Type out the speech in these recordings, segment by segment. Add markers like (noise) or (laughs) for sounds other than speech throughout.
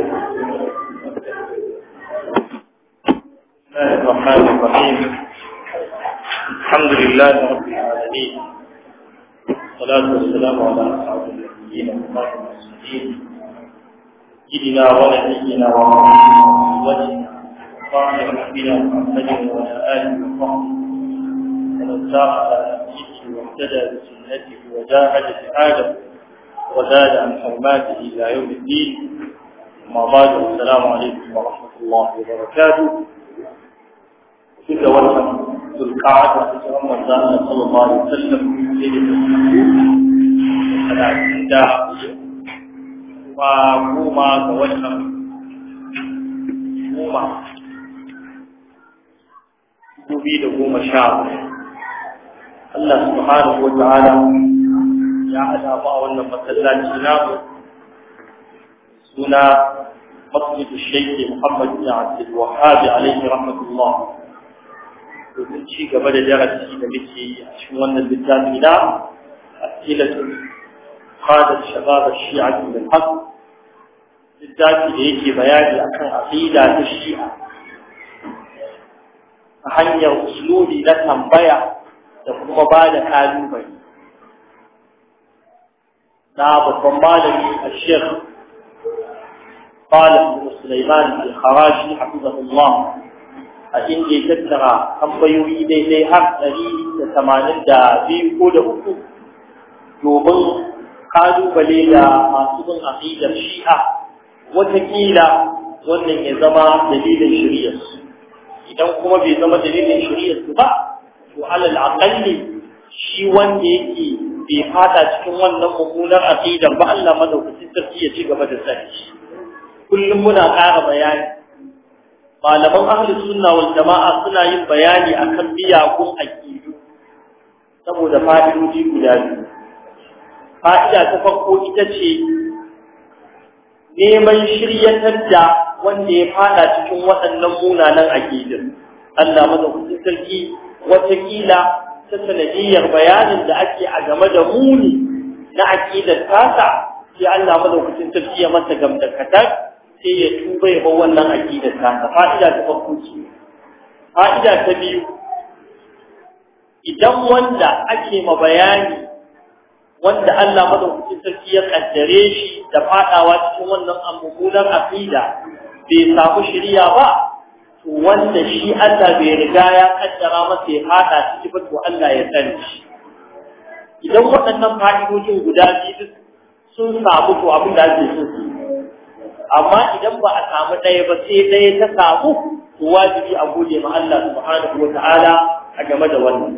الله الرحمن الرحيم الحمد لله رب العالمين والصلاة والسلام على أصحاب النبيين والله المسلمين سيدنا ونبينا وقوتنا وعلى ربنا محمد وعلى آله وصحبه ومن سار على نفسه واهتدى بسنته وجاهد في جهاده وزاد عن حرماته إلى يوم الدين ما بعد السلام عليكم ورحمة الله وبركاته كل وجه ذو القعدة تجرم وزانا صلى الله عليه وسلم من سيدة الأعداء وقوما كوجه قوما قوبي لقوم شعب الله سبحانه وتعالى ya haɗa ba a wannan masallaci هنا مسجد الشيخ محمد بن عبد الوهاب عليه رحمه الله ومن شيء قبل درسي نبيتي عشان وانا بالتالي لا أسئلة قادة شباب الشيعة من الحق بالذات ليجي بيان أكثر عقيدة الشيعة فهي أسلوبي لتن بيع لكم بعد كالوبي نعم الضمالي الشيخ قال ابن سليمان الخراشي حفظه الله أين دي تترى أم بيوي دي دي حق أري تتمانين دا بي كود أكو دوبن قالوا بلي دا ما سبن عقيدة الشيعة وتكيلة wannan ya zama dalilin shari'ar su idan kuma bai zama dalilin shari'ar su ba to alal aqalli shi wanda yake bai fada cikin wannan mummunar aqidan ba Allah madaukakin ya ci gaba da tsare kullum muna ƙara bayani malaman ahli sunna wal jama'a suna yin bayani akan miyagun aqidu saboda fa'idoji guda biyu fa'ida ta farko ita ce neman shiryatar da wanda ya fada cikin waɗannan munanan aqidun Allah madaukakin sarki watakila ta sanadiyar bayanin da ake a game da muni na aƙidar tasa sai Allah madaukakin sarki ya masa gamdakatar sai ya tuba ya bar wannan aqidar ta fa'ida ta farko ce fa'ida ta biyu idan wanda ake ma bayani wanda Allah madaukakin sarki ya kaddare shi da fadawa cikin wannan ammugunar aqida bai samu shirya ba to wanda shi Allah bai riga ya kaddara masa ya fada ciki ba to Allah ya sani shi idan waɗannan fa'idojin guda biyu sun samu to abin da ake so su amma idan ba a samu ɗaya ba sai ɗaya ta samu to wajibi a gode ma Allah subhanahu wa ta'ala a game da wannan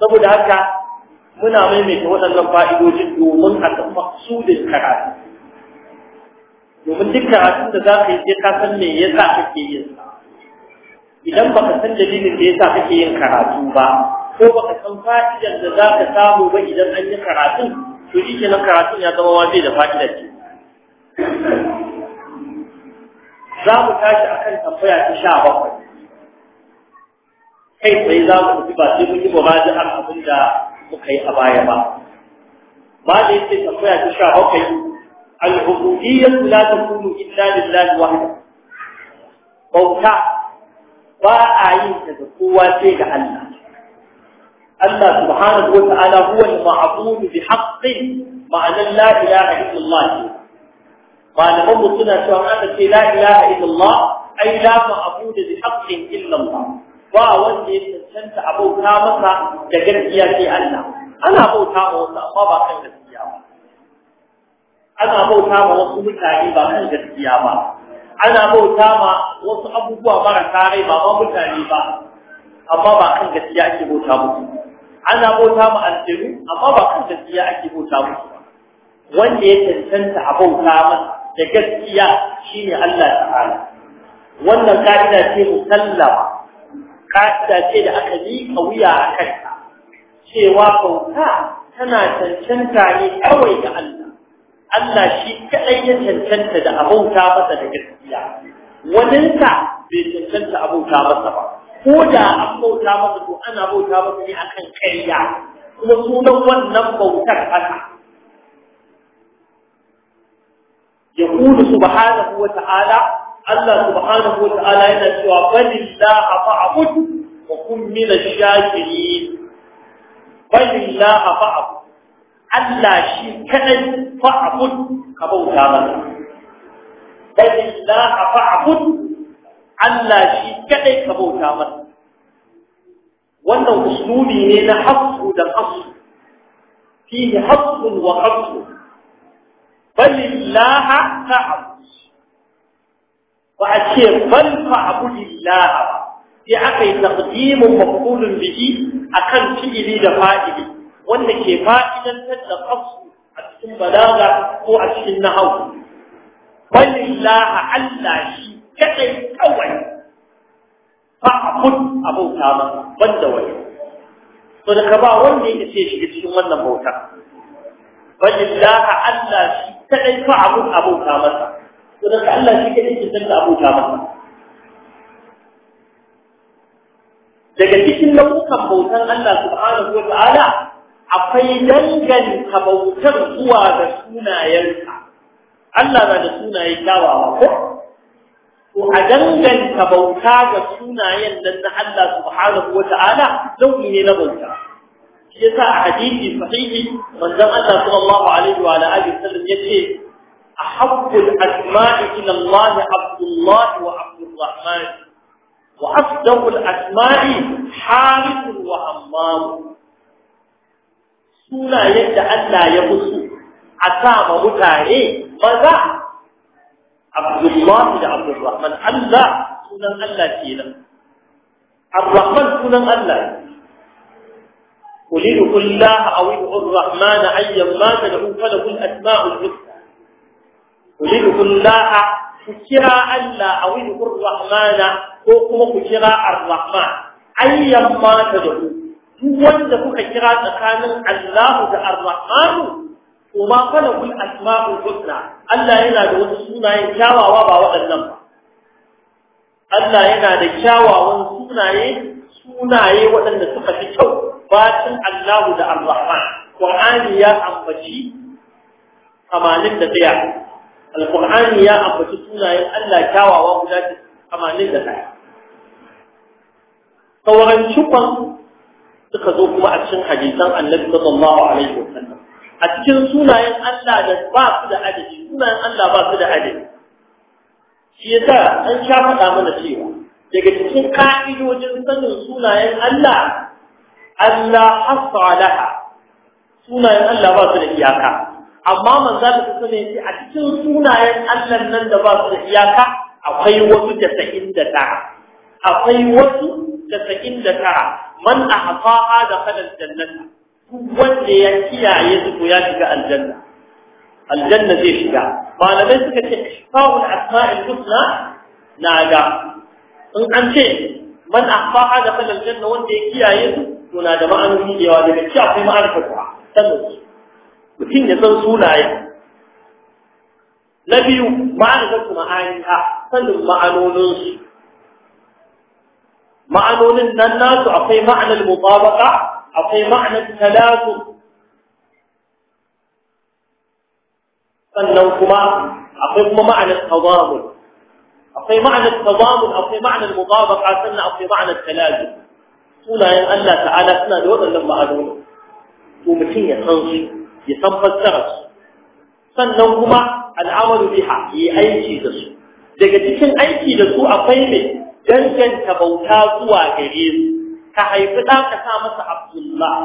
saboda haka muna maimaita waɗannan fa'idojin domin a san maksudin karatu domin duk karatun da za ka yi sai ka san me yasa kake yin sa idan ba ka san dalilin da ya sa kake yin karatu ba ko ba ka san fa'idar da za ka samu ba idan an yi karatun to shi kenan karatun ya zama waje da fa'idar ce za mu tashi a kan tambaya ta sha bakwai kai tsaye za mu tafi ba sai mun yi muraji'ar abin da muka yi a baya ba ba da yake tambaya ta sha bakwai al-ubudiyyah la takunu illa lillahi wahdahu bauta ba a yi ta ga kowa sai ga Allah Allah subhanahu wa ta'ala huwa al-ma'bud bi haqqin ma'ana la ilaha illa Allah malaman mu suna cewa aka ce la ilaha illallah ai la ma'budu bi haqqin illa Allah ba wanda ya cancanta abauta masa da gaskiya sai Allah ana bauta ma wasu amma ba kan gaskiya ba ana bauta ma wasu mutane ba kan gaskiya ba ana bauta ma wasu abubuwa marasa rai ba ma mutane ba amma ba kan gaskiya ake bauta musu ana bauta ma aljihu amma ba kan gaskiya ake bauta musu wanda ya cancanta a bauta masa da gaskiya shine Allah ta'ala wannan ka'ida ce musallama ka'ida ce da aka yi wuya a kanta cewa bauta tana cancanta ne kawai ga Allah Allah shi kadai ya cancanta da abauta masa da gaskiya waninka bai cancanta abauta masa ba ko da an masa to ana bauta masa ne akan kariya kuma sunan wannan bautar haka يقول سبحانه وتعالى الله سبحانه وتعالى yana cewa balillahi fa'bud wa kun min ash-shakirin balillahi fa'bud Allah shi kadai fa'bud ka bauta masa balillahi fa'bud Allah shi kadai ka bauta masa wannan usulubi ne na hasu da hasu wa falillaha ta'abud ba a ce bal fa'budillaha sai aka yi taqdimun maf'ulun bihi akan fili da fa'ili wanda ke fa'idantar da qasdu a cikin balaga ko a cikin nahwu falillaha Allah shi kadai kawai fa'bud abauta ma banda wani to da ka ba wanda yake ce shi cikin wannan bauta walillahi Allah shi kadai fa abu abota masa to da Allah shi kadai ke san abota masa daga cikin nau'ukan bautan Allah subhanahu wata'ala akwai danganta bautar zuwa da sunayensa Allah na da sunaye kyawawa ko to a danganta bauta ga sunayen nan na Allah subhanahu wata'ala nau'i ne na bauta shi yasa a hadisi sahihi manzon Allah sallallahu alaihi wa alihi wasallam yace ahabbul asma'i ila Allah Abdullah wa Abdul Rahman wa afdalul asma'i Harith wa Hammam suna yadda Allah ya musu a sama mutane maza Abdullah da Abdul Allah sunan Allah kenan Ar-Rahman sunan Allah قل ادعوا الله او ادعوا الرحمن ايا ما تدعوا فله الاسماء الحسنى قل ادعوا الله كجرا الله او ادعوا الرحمن ko kuma ku kira ar-rahman ayyan ma tad'u duk wanda kuka kira tsakanin Allah da ar-rahman to ma kana kul asma'ul husna Allah yana da wasu sunayen kyawawa ba waɗannan ba Allah yana da kyawawan sunaye sunaye waɗanda suka fi kyau bacin Allahu da Ar-Rahman Qur'ani ya ambaci da 81 Al-Qur'ani ya ambaci sunayen Allah kyawawa guda da 81 sauran cikon suka zo kuma a cikin hadisan Annabi sallallahu alaihi wasallam a cikin sunayen Allah da ba su da adadi sunayen Allah ba su da adadi shi yasa an sha faɗa mana cewa daga cikin ka'idojin sanin sunayen Allah Allah hasa laha sunayen Allah ba su da iyaka amma manzo da su ne a cikin sunayen Allah nan da ba su da iyaka akwai wasu da ta, akwai wasu da ta man ahfaha da kadal jannata wanda ya kiyaye su ko ya shiga aljanna aljanna zai shiga malamai suka ce ishfa'ul asma'il husna na ga in an ce man ahfaha da kadal janna wanda ya kiyaye su suna da ma'anoni da ke cewa ci akwai ma'arifar sanin su mutum ya san sunaye na biyu ma'arifar su ha sanin ma'anonin ma'anoninsu ma'anonin nan nasu akwai ma'anar mutabaka akwai ma'anar talatu sannan kuma akwai kuma ma'anar tazamun akwai ma'anar tazamun akwai ma'anar mutabaka sannan akwai ma'anar talatu sunayen Allah ta'ala suna da waɗannan ma'anoni to mutum ya san su ya san fassara su sannan kuma al'amalu biha yi aiki da su daga cikin aiki da su akwai ne danganta bauta zuwa gare su ka haifi ɗa ka sa masa Abdullah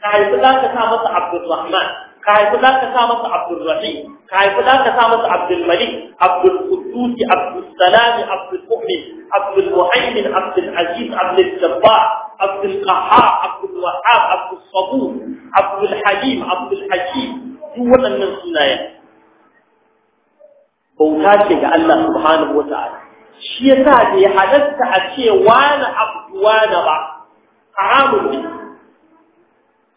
ka haifi ɗa ka sa masa Abdulrahman ka haifi ɗa ka sa masa Abdulrahim ka haifi ɗa ka sa masa Abdulmalik Abdulquddus Abdulsalam Abdulmu'min عبد المهيمن عبد العزيز عبد الجبار عبد القهار عبد الوهاب عبد الصبور عبد الحليم عبد الحكيم duk waɗannan sunayen bauta ce ga Allah subhanahu wata'ala shi yasa da ya halatta a ce wani abdu wani ba haramun ne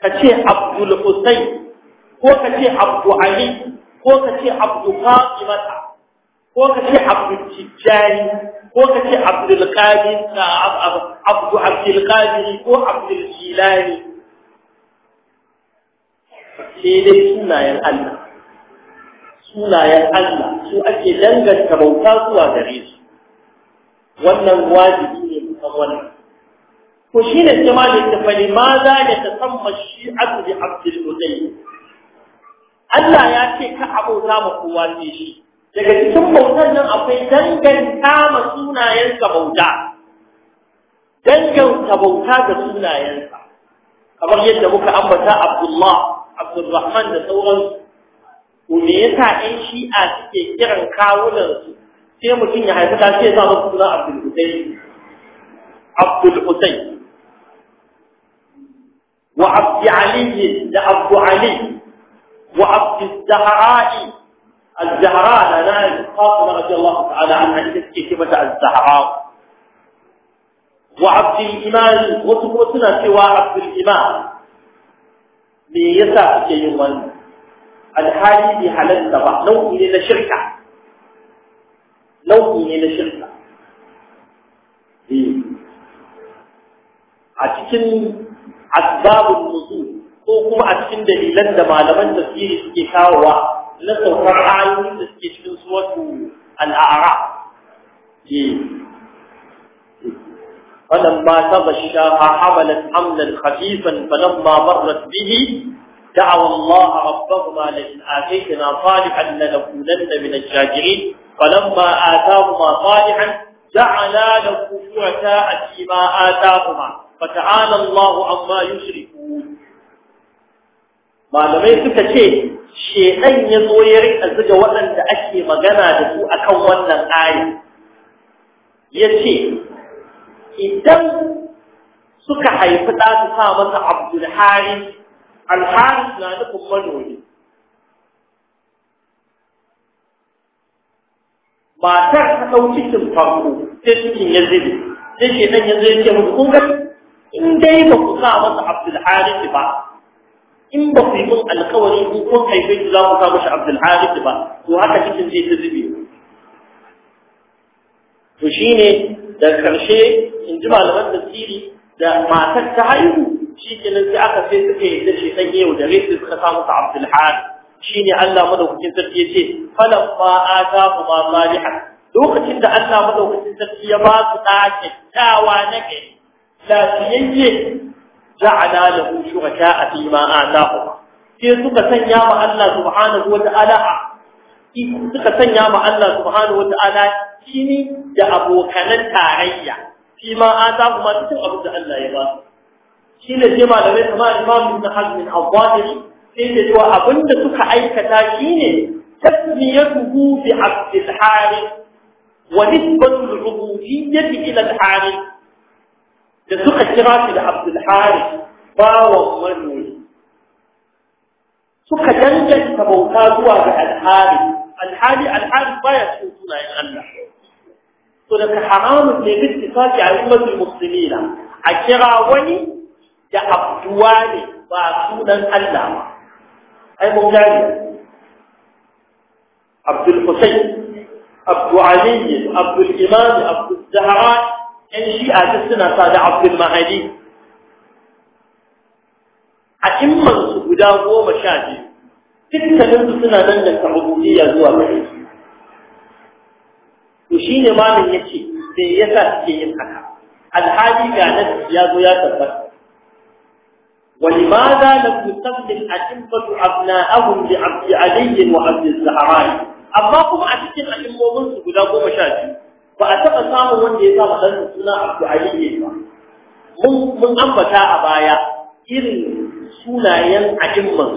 ka ce abdul husayn ko ka ce abdu ko ka ce ko ka ce ko ka ce abdul qadir ka abdu abdul qadir ko abdul jilani sai dai sunayen Allah sunayen Allah su ake danganta bauta zuwa gare su wannan wajibi ne mutan wannan ko shine jama'a da fa za da tasamma shi'atu bi abdul muzayyib Allah ya ce ka abota ma kowa ne shi daga cikin bautan nan akwai danganta ma sunayensa bauta danganta bauta ga sunayensa kamar yadda muka ambata Abdullah Abdulrahman da sauran ko me yasa ɗan shi'a suke kiran kawunan su sai mutum ya haifi ta sai ya samu suna Abdul Husayn Abdul Husayn وعبد علي لعبد علي وعبد الزهراء الزهراء لا نعرف فاطمه رضي الله تعالى عنها كيف بدا الزهراء وعبد الايمان وتقوتنا سوى عبد الايمان من يسع يوما الحالي بحال التبع لو الى الشركه لو الى الشركه أتكن إيه. أسباب النزول أو كم أتكن دليلاً لما لمن تسيري سكيكا وواحد na saukar ayoyin da suke cikin فلما تغشاها حملت حملا خفيفا فلما مرت به دعوا الله ربهما لئن آتيتنا صالحا لنكونن من الشاكرين فلما آتاهما صالحا جعلا له شركاء فيما آتاهما فتعالى الله عما يشركون malamai suka ce shedan ya zo ya rika zuga waɗanda ake magana da su akan wannan ya ce, idan suka haifi ɗa su sa masa Abdul alhari na nufin manomi matar ta ɗau cikin farko sai cikin ya zube sai shedan ya zo ya ce musu kun in dai ba ku sa masa Abdul ba in ba ku yi mun alkawari ko kun haife su za ku sa mashi Abdul Harith ba to haka cikin zai ta zubi to shine da karshe in ji malaman tafsiri da matar ta haihu shi nan sai aka sai suka yi da shi san yau da rai suka sa masa Abdul shine Allah madaukakin sarki yace falamma atahu ma salihan lokacin da Allah madaukakin sarki ya ba su ɗakin? kyakkyawa na gari lafiyayye ja'ala lahu shuraka fi ma ataahu sai suka sanya ma Allah subhanahu wata'ala suka sanya ma Allah subhanahu wata'ala kini da abokanan tarayya fi ma ataahu ma cikin abin da Allah ya ba shi ne sai malamai kamar Imam Ibn Hazm al-Zahiri sai da cewa abinda suka aikata shine tasmiyatuhu bi Abdul Harith wa nisbatu al-ubudiyyah ila al-Harith تسوق الشراك لعبد الحارث باو ومنوي سوق جنجة تبوكا هو الحالي الحالي الحالي ما يسوق لا يغنح سوق حرام في الاتفاق على أمة المسلمين أشرا وني يا أبدواني وأسونا الألام أي مجالي عبد الحسين عبد علي عبد الإمام عبد الزهراء ‘yan shi'a duk suna sa da abdul mahadi a su guda goma sha biyu dukkaninsu suna danganta ubudiyya zuwa gare to shi ne ya ce me yasa suke yin haka alhali ga nan ya zo ya tabbata ولماذا لم يسمي الأئمة أبناءهم لعبد علي وعبد الزهراء أما كما أتيت الأئمة منذ قد أقوم ba a taɓa samun wanda ya saba ɗan suna a yi ba mun mun ambata a baya irin sunayen ajimman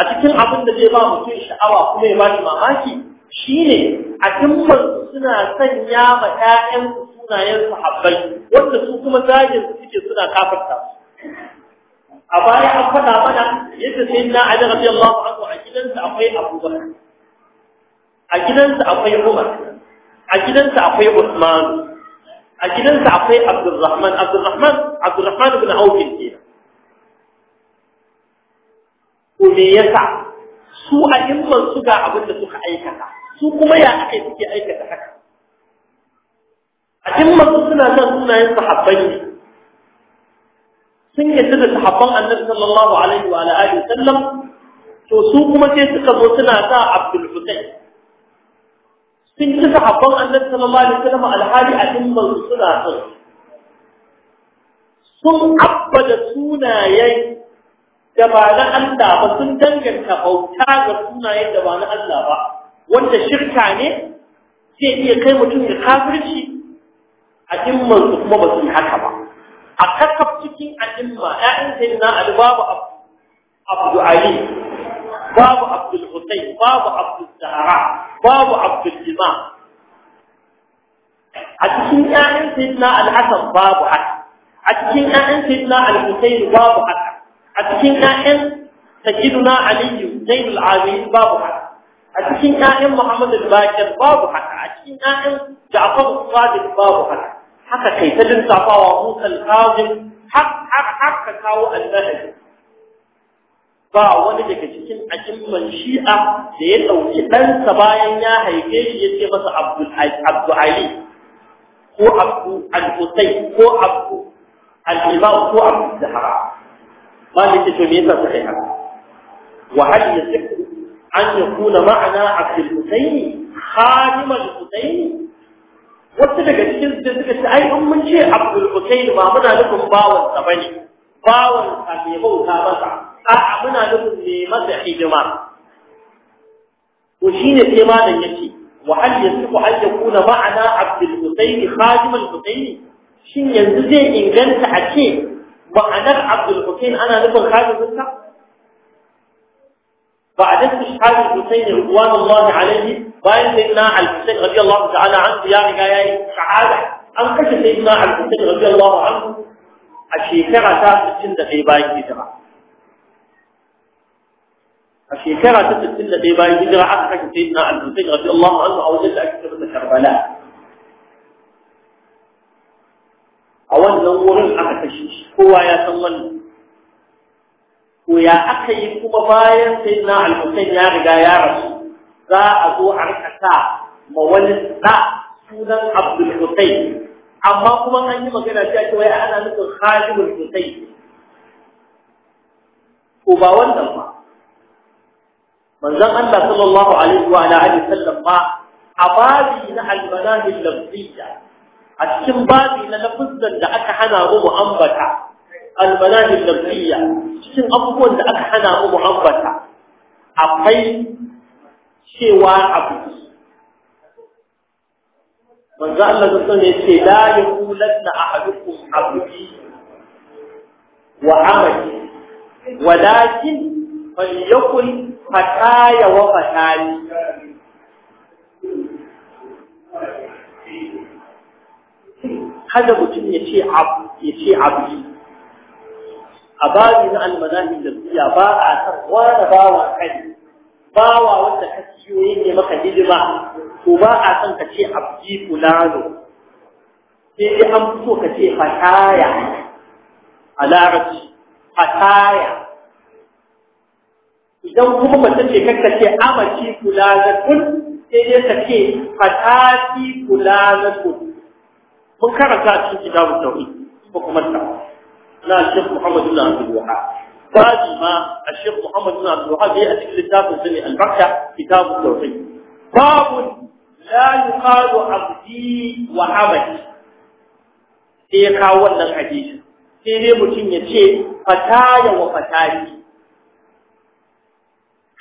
a cikin abin da zai ba mutum sha'awa kuma ya ba shi mamaki shine ajimman suna sanya ma ƴaƴan sunayen sahabbai wanda su kuma zagin su suke suna kafarta a baya an faɗa mana yadda sai na Ali radiyallahu a gidansa akwai Abubakar, a gidansa akwai Umar a gidansa akwai Usman a gidansa akwai Abdulrahman Abdulrahman Abdulrahman ibn Auf kenan ko yasa su a imman su ga abin da suka aikata su kuma ya ake suke aikata haka a imman su suna nan sunayen sahabban ne sun yadda da sahabban annabi sallallahu alaihi wa alihi sallam to su kuma sai suka zo suna sa Abdul Husayn sun ci sahabban annabi sallallahu alaihi wasallam alhali a dimman suna son sun abbada sunayen da ba na Allah ba sun danganta bauta ga sunayen da ba na Allah ba wanda shirka ne zai iya kai mutum da kafirci a dimman su kuma ba su yi haka ba a kakaf cikin addimma ƴaƴan sayyidina Ali babu Abdul Ali babu Abdul Hussein babu Abdul Zahra babu Abdul a cikin ƴaƴan Sayyidina Al-Hasan babu haka a cikin ƴaƴan Sayyidina Al-Hussein babu haka a cikin ƴaƴan Sayyidina Ali Zainul Abidin babu haka a cikin ƴaƴan Muhammad al babu haka a cikin ƴaƴan Ja'far al babu haka haka kai ta dinsafawa Musa al-Kazim har kawo annabi ba wani daga cikin ajimman shi'a da ya ɗauki ɗansa bayan ya haife shi ya ce masa abdu ali ko abdu al-husai ko abdu al-imam ko abdu zahara Ba ne to me yasa suka yi haka wa hal yasiku an yakuna ma'ana abdul husaini khadim al-husaini Wata daga cikin su suka ce ai in mun ce abdul husaini ba muna nufin bawansa bane bawansa mai bauta masa a muna nufin ne masa hidima to shine sai malam yace wa hal yasihu an yakuna ma'ana abdul husayn khadim al husayn shin yanzu zai inganta a ce ma'anar abdul husayn ana nufin khadim sa بعد استشهاد الحسين رضوان الله عليه bayan sayyidina al-Husayn radiyallahu ta'ala anhu ya riga yayi shahada an kashe sayyidina al-Husayn radiyallahu anhu a shekara ta 61 bayan hijira a shekara ta 61 bayan hijira aka kashe na al-Husayn radiyallahu anhu a wajen da ake kira da Karbala a wannan wurin aka kashe shi kowa ya san wannan ko ya aka yi kuma bayan sai na al-Husayn ya riga ya rasu za a zo a rika sa ma wani da sunan Abdul Husayn amma kuma an yi magana cewa cewa ana nufin Khalid Husayn ko ba wannan ba manzon Allah sallallahu alaihi wa alihi sallam ma a babi na almanahi lafziya a cikin babi na lafzan da aka hana mu mu'ambata almanahi lafziya cikin abubuwan da aka hana mu mu'ambata akwai cewa abu manzo Allah sallallahu alaihi ce la yaqulanna ahadukum abdi wa amali walakin falyakul fataya wa fatani kada mutum ya ce abu ya ce abu a babi na almanahi da biya ba a san wani bawa kai bawa wanda ka siyo yake maka hidima ko ba a san ka ce abdi fulano sai dai an fito ka ce fataya a larabci fataya idan kuma mace ce kakka ce amaci fulanatun sai dai ta ce Fataki fatati fulanatun mun karanta cikin kitabun tauhid ko kuma ta na Sheikh Muhammad bin Abdul Wahhab baji ma a shek Muhammad na Abdul Wahhab ya cikin littafin sani albarka kitabun tauhid babu la yuqalu abdi wa abadi sai ya kawo wannan hadisi sai dai mutum ya ce fataya wa fataki.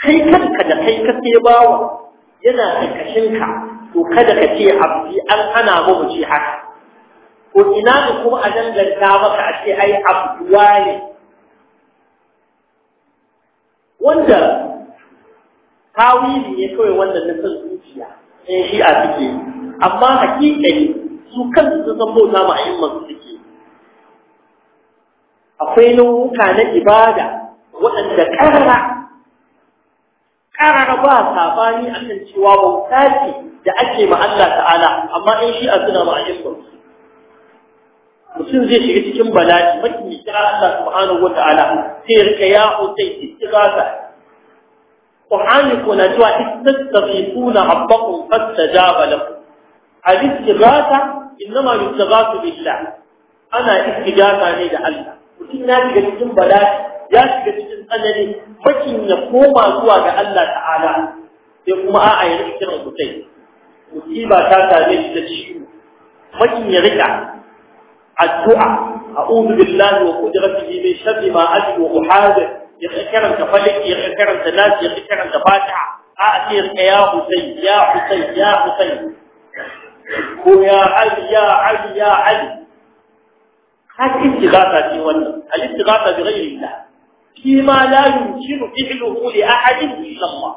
kai kanka da kai kake bawa yana karkashinka to kada ka ce abdi an hana mu ci haka ko ina ne kuma a danganta maka a ce ai abdu ne wanda tawili ne kawai wannan na san zuciya in shi a suke amma hakikani su kansu su san bauta ma yin masu suke akwai nau'uka na ibada waɗanda ƙarara karara ba sabani akan cewa bauta ce da ake ma Allah ta'ala amma in shi a suna ma ayyukan mutum zai shiga cikin bala'i mafi kira Allah subhanahu wa ta'ala sai ya rika ya hosai istighatha Qur'ani ko na cewa istastaghifuna rabbakum fastajaba lakum al-istighatha innama yustaghathu billah ana istighatha ne da Allah mutum ya shiga cikin bala'i ya shiga cikin tsanani fakin ya koma zuwa ga Allah ta'ala sai kuma a'a ya rika kiran kutai musiba ta same shi da ciwo fakin ya rika addu'a a'udhu billahi wa qudratihi min sharri ma ajidu wa uhadu ya karanta falaki ya karanta nas ya karanta fatiha a'a sai ya husayn ya husayn ya husayn ko ya ali ya ali ya ali har istighatha ce wannan al-istighatha bi ghayri Allah فيما لا يمكن فعله لأحد إلا الله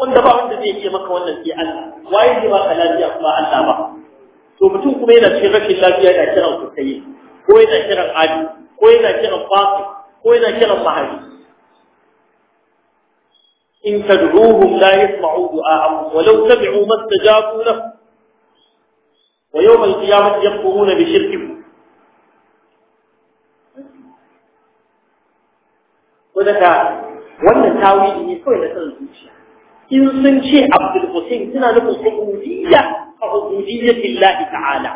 وأنت بقى أنت في مكة وأنت في ألا وأنت بقى لا يأخذ ألا بقى تبتون كمينة في غش الله في هذا الشرع التسيين كوينة شرع عادي كوينة شرع فاطئ كوينة شرع صحيح إن تدعوهم لا يسمعوا دعاءهم ولو تبعوا ما استجابوا لهم. ويوم القيامة يقومون بشركهم. ko daga wannan tawili ne kawai na san zuciya in sun ce abdul hussein suna nufin ubudiyya a ubudiyya billahi ta'ala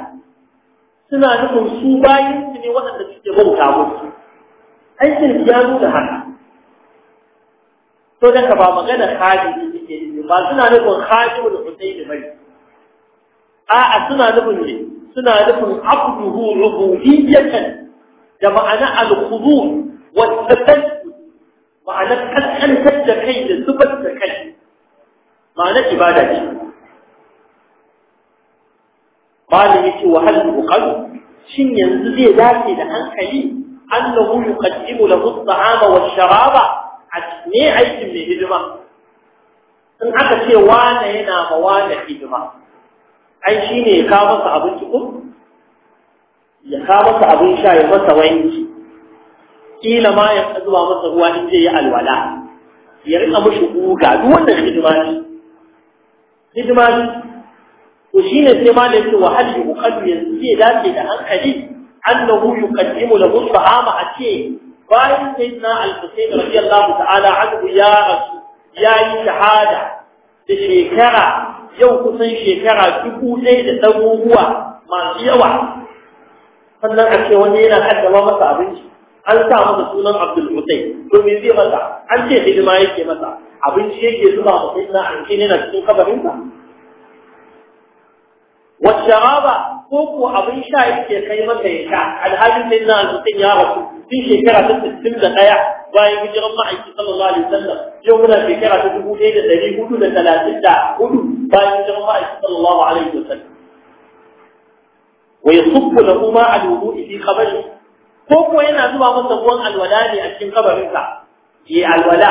suna nufin su bayan su ne waɗanda suke bauta musu aikin ya nuna haka to daga ba magana khaji ne suke yi ba suna nufin khaji da hussein bane a'a suna nufin ne suna nufin abduhu rububiyyatan da ma'ana al-khudhu wa tasalli ma'anar kaskantar da kai da zubar da kai ma'ana ibada ce malami ce wa hal shin yanzu zai dace da hankali annahu yuqaddimu lahu at-ta'ama wa sharaba a ne aikin mai hidima in aka ce wane yana ma wane hidima ai shine ya kawo masa abinci ko ya kawo masa abin sha ya masa wanki kila ma ya zuba masa ruwa in zai yi alwala ya rika mushi kuka duk wannan hidima ne hidima ne to shine sai ma da yake wahal yuqaddu yanzu zai dace da hankali annahu yuqaddimu lahu ta'ama ace bayan sayyidina al-husayn radiyallahu ta'ala anhu ya rasu ya yi shahada da shekara yau kusan shekara dubu ɗaya da ɗaruruwa masu yawa sannan a ce wani yana kaddama masa abinci an sa masa sunan Abdul Hussein domin zai masa an ce hidima yake masa abinci yake zuba masa sai na an ce na cikin kabarin sa ko ko abin sha yake kai masa ya sha alhalin sai na Hussein ya rasu tun shekara ta 61 bayan hijiran ma'aiki sallallahu alaihi wasallam yau muna shekara ta 1434 bayan hijiran ma'aiki sallallahu alaihi wasallam ويصب له ماء الوضوء في خبره ko kuwa yana zuba masa ruwan alwala ne a cikin kabarinsa yi alwala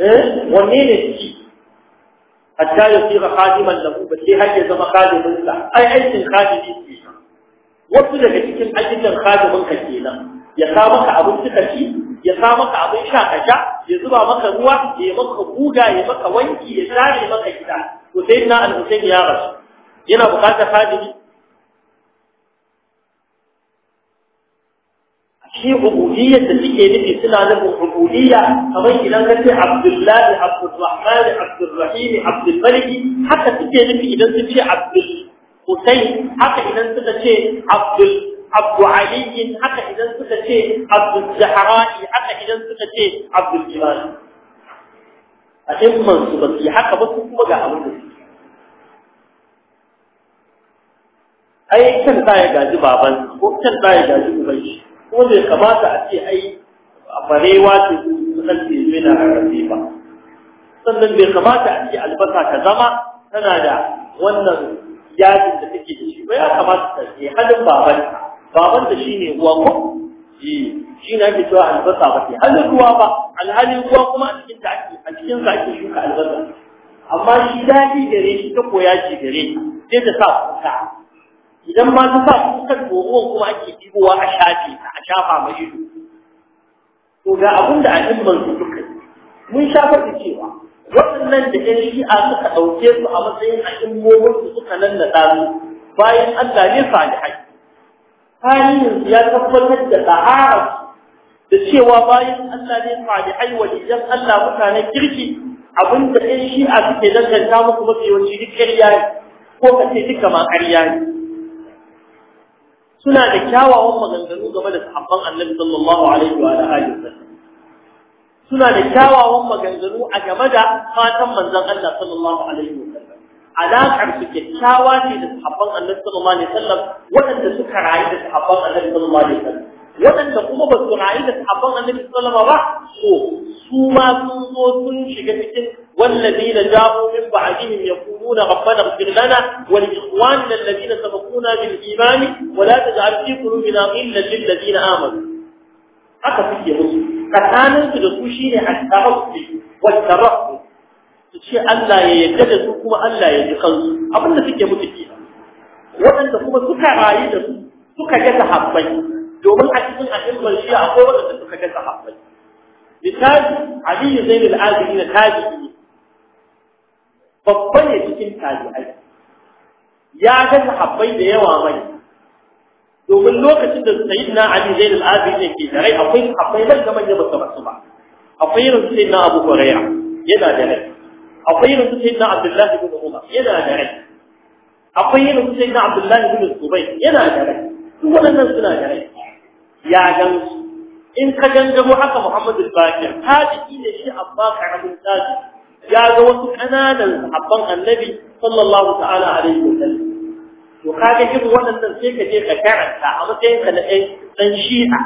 eh, wanne ne ciki hatta ya fi khadiman lahu ba sai har ya zama khadimin sa ai aikin khadimi ne wasu daga cikin ayyukan khadimin ka kenan ya sa maka abinci ka ci ya sa maka abin sha ka sha ya zuba maka ruwa ya maka guga ya maka wanki ya share maka gida to sai na al-Husayn ya rasu yana bukatar khadimi shi ubudiyyar da suke nufi suna nufin ubudiyya kamar idan ka ce abdullahi abdurrahman abdurrahim abdulmalik haka suke nufi idan su ce abdul husayn haka idan suka ce abdul abdu ali haka idan suka ce abdul zahra'i haka idan suka ce abdul jilani a himman su ba su haka ba su kuma ga abin da ai kan ya gaji baban ko kan ya gaji uban ko bai kamata a ce ai barewa ce kusan ke zai na rarrafe ba sannan bai kamata a ce albasa ta zama tana da wannan yajin da take da shi ba ya kamata ta ce halin babanta babanta shi ne uwa ko shi na ake cewa albasa ba ce halin ruwa ba alhalin ruwa kuma a cikin ta ake a cikin sa ake shuka albasa amma shi daɗi gare shi ta koya ce gare sai ta sa kuka idan ma su sa kukan tsohuwan kuma ake jibowa a shafe ta a shafa mai ido to ga abin da al'umman su dukkan, mun shafar da cewa waɗannan da ƴan shi'a suka ɗauke su a matsayin al'ummomin su suka nan nannaɗa su bayan Allah ne salihai tarihin ya tabbatar da ɗa'arar da cewa bayan Allah ne salihai an Allah mutanen kirki abin da ƴan shi'a suke danganta muku mafi yawanci duk ƙarya ne ko ka ce duka ma ƙarya ne suna da kyawawan maganganu game da sahabban annabi sallallahu alaihi wa alihi wasallam suna da kyawawan maganganu a game da fatan manzon Allah sallallahu alaihi wasallam alaƙar su kyakkyawa ne da sahabban annabi sallallahu alaihi wasallam waɗanda suka rayu da sahabban annabi sallallahu alaihi wasallam waɗanda kuma ba su rayu da sahabban annabi sallama ba ko su ma sun zo sun shiga cikin wallazi na jawo min ba'dihim yaquluna rabbana ighfir lana wa li ikhwanina alladhina sabaquna bil imani wa la taj'al fi qulubina ghillan lil ladina Amadu. haka suke musu tsakanin su da su shine at-tawakkul wa wata tawakkul su ce Allah ya yarda da su kuma Allah ya ji kansu abinda suke musu kenan waɗanda kuma suka rayu da su suka ga sahabbai domin a cikin ahimmar shi akwai waɗanda suka ga sahabbai misali aliyu zain al-azimi na tabi'i babba ne cikin tabi'ai ya ga sahabbai da yawa mai domin lokacin da sayyidina ali zain al ne ke da rai akwai sahabbai nan gaban da baka masu ba akwai irin su na abu hurairah yana da rai akwai irin su na abdullahi ibn umar yana da rai akwai irin su na abdullahi ibn zubayr yana da rai duk waɗannan suna da rai ya gan su, in ka gangamo haka Muhammadu Bakir tabi'i ne shi amma karamin tabi ya ga wasu kananan sahabban Annabi sallallahu ta'ala alaihi wa sallam to kaga kin wannan sai ka je ka karanta a matsayin ka na ɗan dan shi'a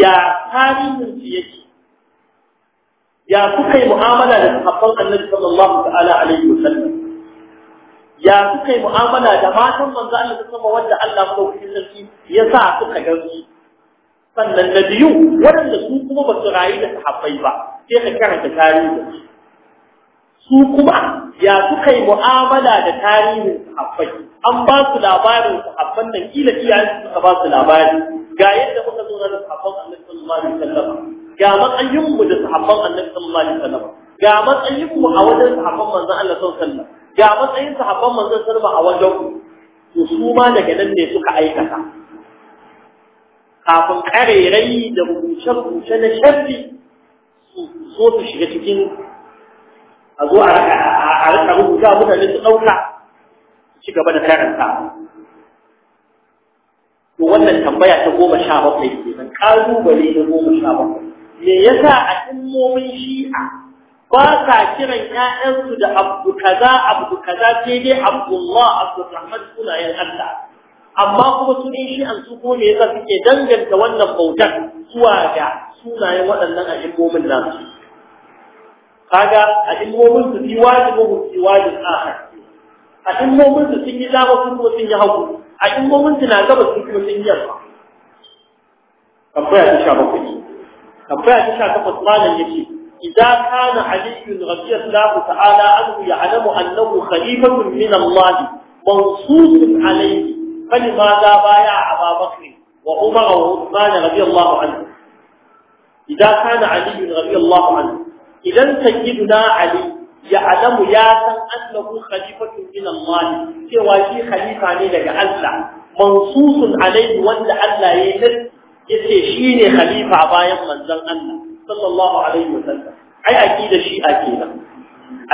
ya tarihin su yake ya kuka yi mu'amala da sahabban Annabi sallallahu ta'ala alaihi wa sallam ya kuka yi mu'amala da matan manzo Allah sallallahu wanda Allah ya sa kuka gansu sannan na biyu waɗanda su kuma ba su rayu da sahabbai ba sai ka karanta tarihi su kuma ya suka yi mu'amala da tarihin sahabbai an ba su labarin sahabban nan kila iyayen su suka ba su labari ga yadda muka zo na sahabban annabi sallallahu alaihi wasallam ga matsayin mu da sahabban annabi sallallahu alaihi wasallam ga matsayin mu a wajen sahabban manzon Allah sallallahu alaihi wasallam ga matsayin sahabban manzon sallallahu alaihi wasallam a wajen ku to su ma daga nan ne suka aikata kafin karerai da rubuce-rubuce na shafi, so su shiga cikin a zo a rika rubuta mutane su ɗauka ci gaba da karanta to wannan tambaya ta goma sha bakwai ke nan ƙalubale na goma sha bakwai me yasa a ilmomin shi'a ba sa kiran 'ya'yansu da abu kaza abu kaza sai dai abu abdurrahman sunayen allah amma kuma su in shi an su kuma me yasa suke danganta wannan bautar zuwa ga sunayen waɗannan ilmomin nan kaga ilmomin su fi wajibu fi wajib A ilmomin su sun yi lawa sun kuma sun yi hagu A ilmomin su na gaba sun kuma sun yi yamma tambaya ta sha bakwai tambaya ta sha takwas malam yace إذا كان علي رضي ta'ala تعالى عنه يعلم أنه خليفة من الله منصوص عليه فلماذا بايع أبا بكر وعمر وعثمان رضي الله عنه إذا كان علي رضي الله عنه إذا سيدنا علي يعلم ياسا أنه خليفة من الله سوى شيء خليفة لك ألا منصوص عليه وأن ألا يجد يسيشين خليفة بايع من ذا الله صلى الله عليه وسلم أي أكيد الشيء أكيد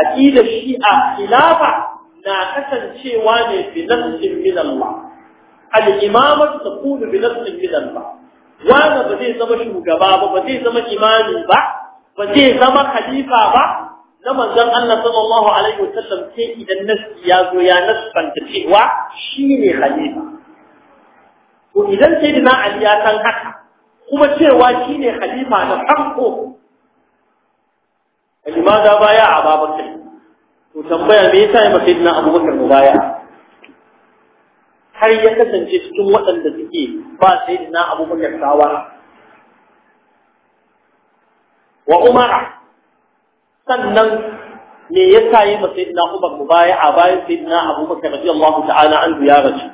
أكيد الشيء خلافة na kasancewa ne bi nafsin min Allah al'imamar ta kuna bi nafsin bidan ba wanda ba zai zama shugaba ba ba zai zama imani ba ba zai zama khalifa ba na manzon Allah sallallahu alaihi wasallam ke idan nasi ya zo ya nasbanta cewa shine khalifa Ko idan sayyidina Ali ya san haka kuma cewa shine khalifa na farko limada baya a babakar to tambaya me yasa ya masa sayyidina Abubakar mubaya har ya kasance cikin waɗanda suke ba sai na abubakar shawara wa umara sannan me yasa yi ma sayyidina umar mu baya a bayan sayyidina abubakar radiyallahu ta'ala anhu ya rasu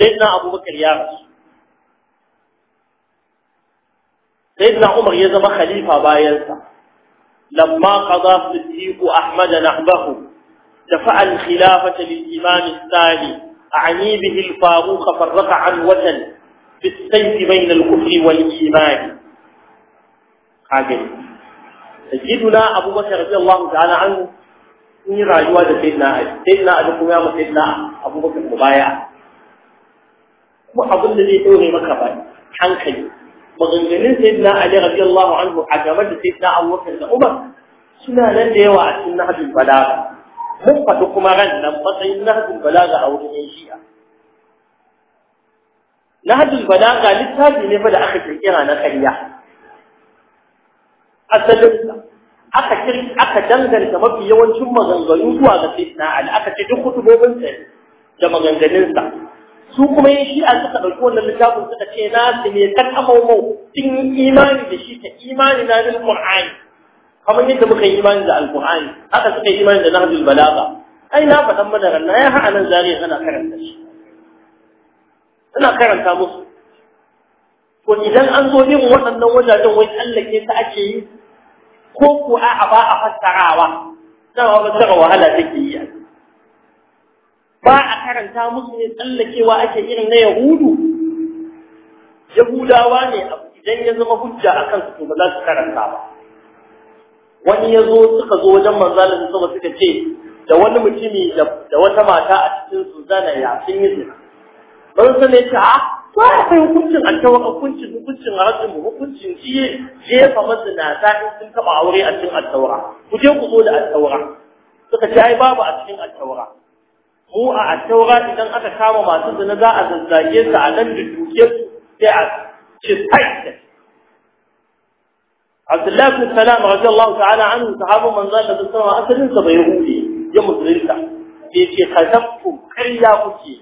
sayyidina abubakar ya rasu sayyidina umar ya zama khalifa bayansa lamma su siddiq ahmad nahbahu dafa al khilafata lil imam as-sali أعني به الفاروق فرق عنوة في السيف بين الكفر والإيمان سيدنا أبو بكر رضي الله تعالى عنه ni rayuwa da sayyidina Ali na Ali kuma ya masa na Abu ku baya. kuma abin da zai dore maka ba hankali maganganun sayyidina Ali radiyallahu anhu a game da sayyidina Abu Bakar da Umar suna nan da yawa a cikin hadin balaga mun faɗi kuma ran nan matsayin nahjul balaga a wurin yan shi'a nahjul balaga littafi ne fa da aka kirkira na ƙarya asalin aka aka danganta mafi yawancin maganganu zuwa ga sayyidina ali aka ce duk kutubobin sa da maganganun sa su kuma yin shi'a suka ɗauki wannan littafin suka ce na su ne kan amamau sun imani da shi ta imani na bil qur'ani kamar yadda muka yi imani da alqur'ani haka suka yi imani da nahjul balagha ai na faɗan mana ranna ya ha nan zariya kana karanta shi ina karanta musu to idan an zo yin waɗannan wajajen wai tsallake ta ake yi ko kuwa a ba a fassarawa dama ba tsara wahala take yi ba a karanta musu ne tsallakewa ake irin na yahudu yahudawa ne idan ya zama hujja akan su to ba za su karanta ba wani ya zo suka zo wajen manzalin sama suka ce da wani mutumi da wata mata a cikin su zana ya sun yi zina ban su ne ta ba a kai hukuncin a alkawa hukuncin hukuncin harajin mu hukuncin jiye jefa masu mazinata in sun taɓa aure a cikin alkawara ku je ku zo da alkawara suka ce ai babu a cikin alkawara mu a alkawara idan aka kama masu zina za a zazzage su a nan da dukiyar sai a ce sai Abdullahi bin Salam radiyallahu ta'ala anhu sahabu manzo Allah sallallahu alaihi wasallam asalin sa bai yahudi ya musulunta sai ce kazabtu karya kuke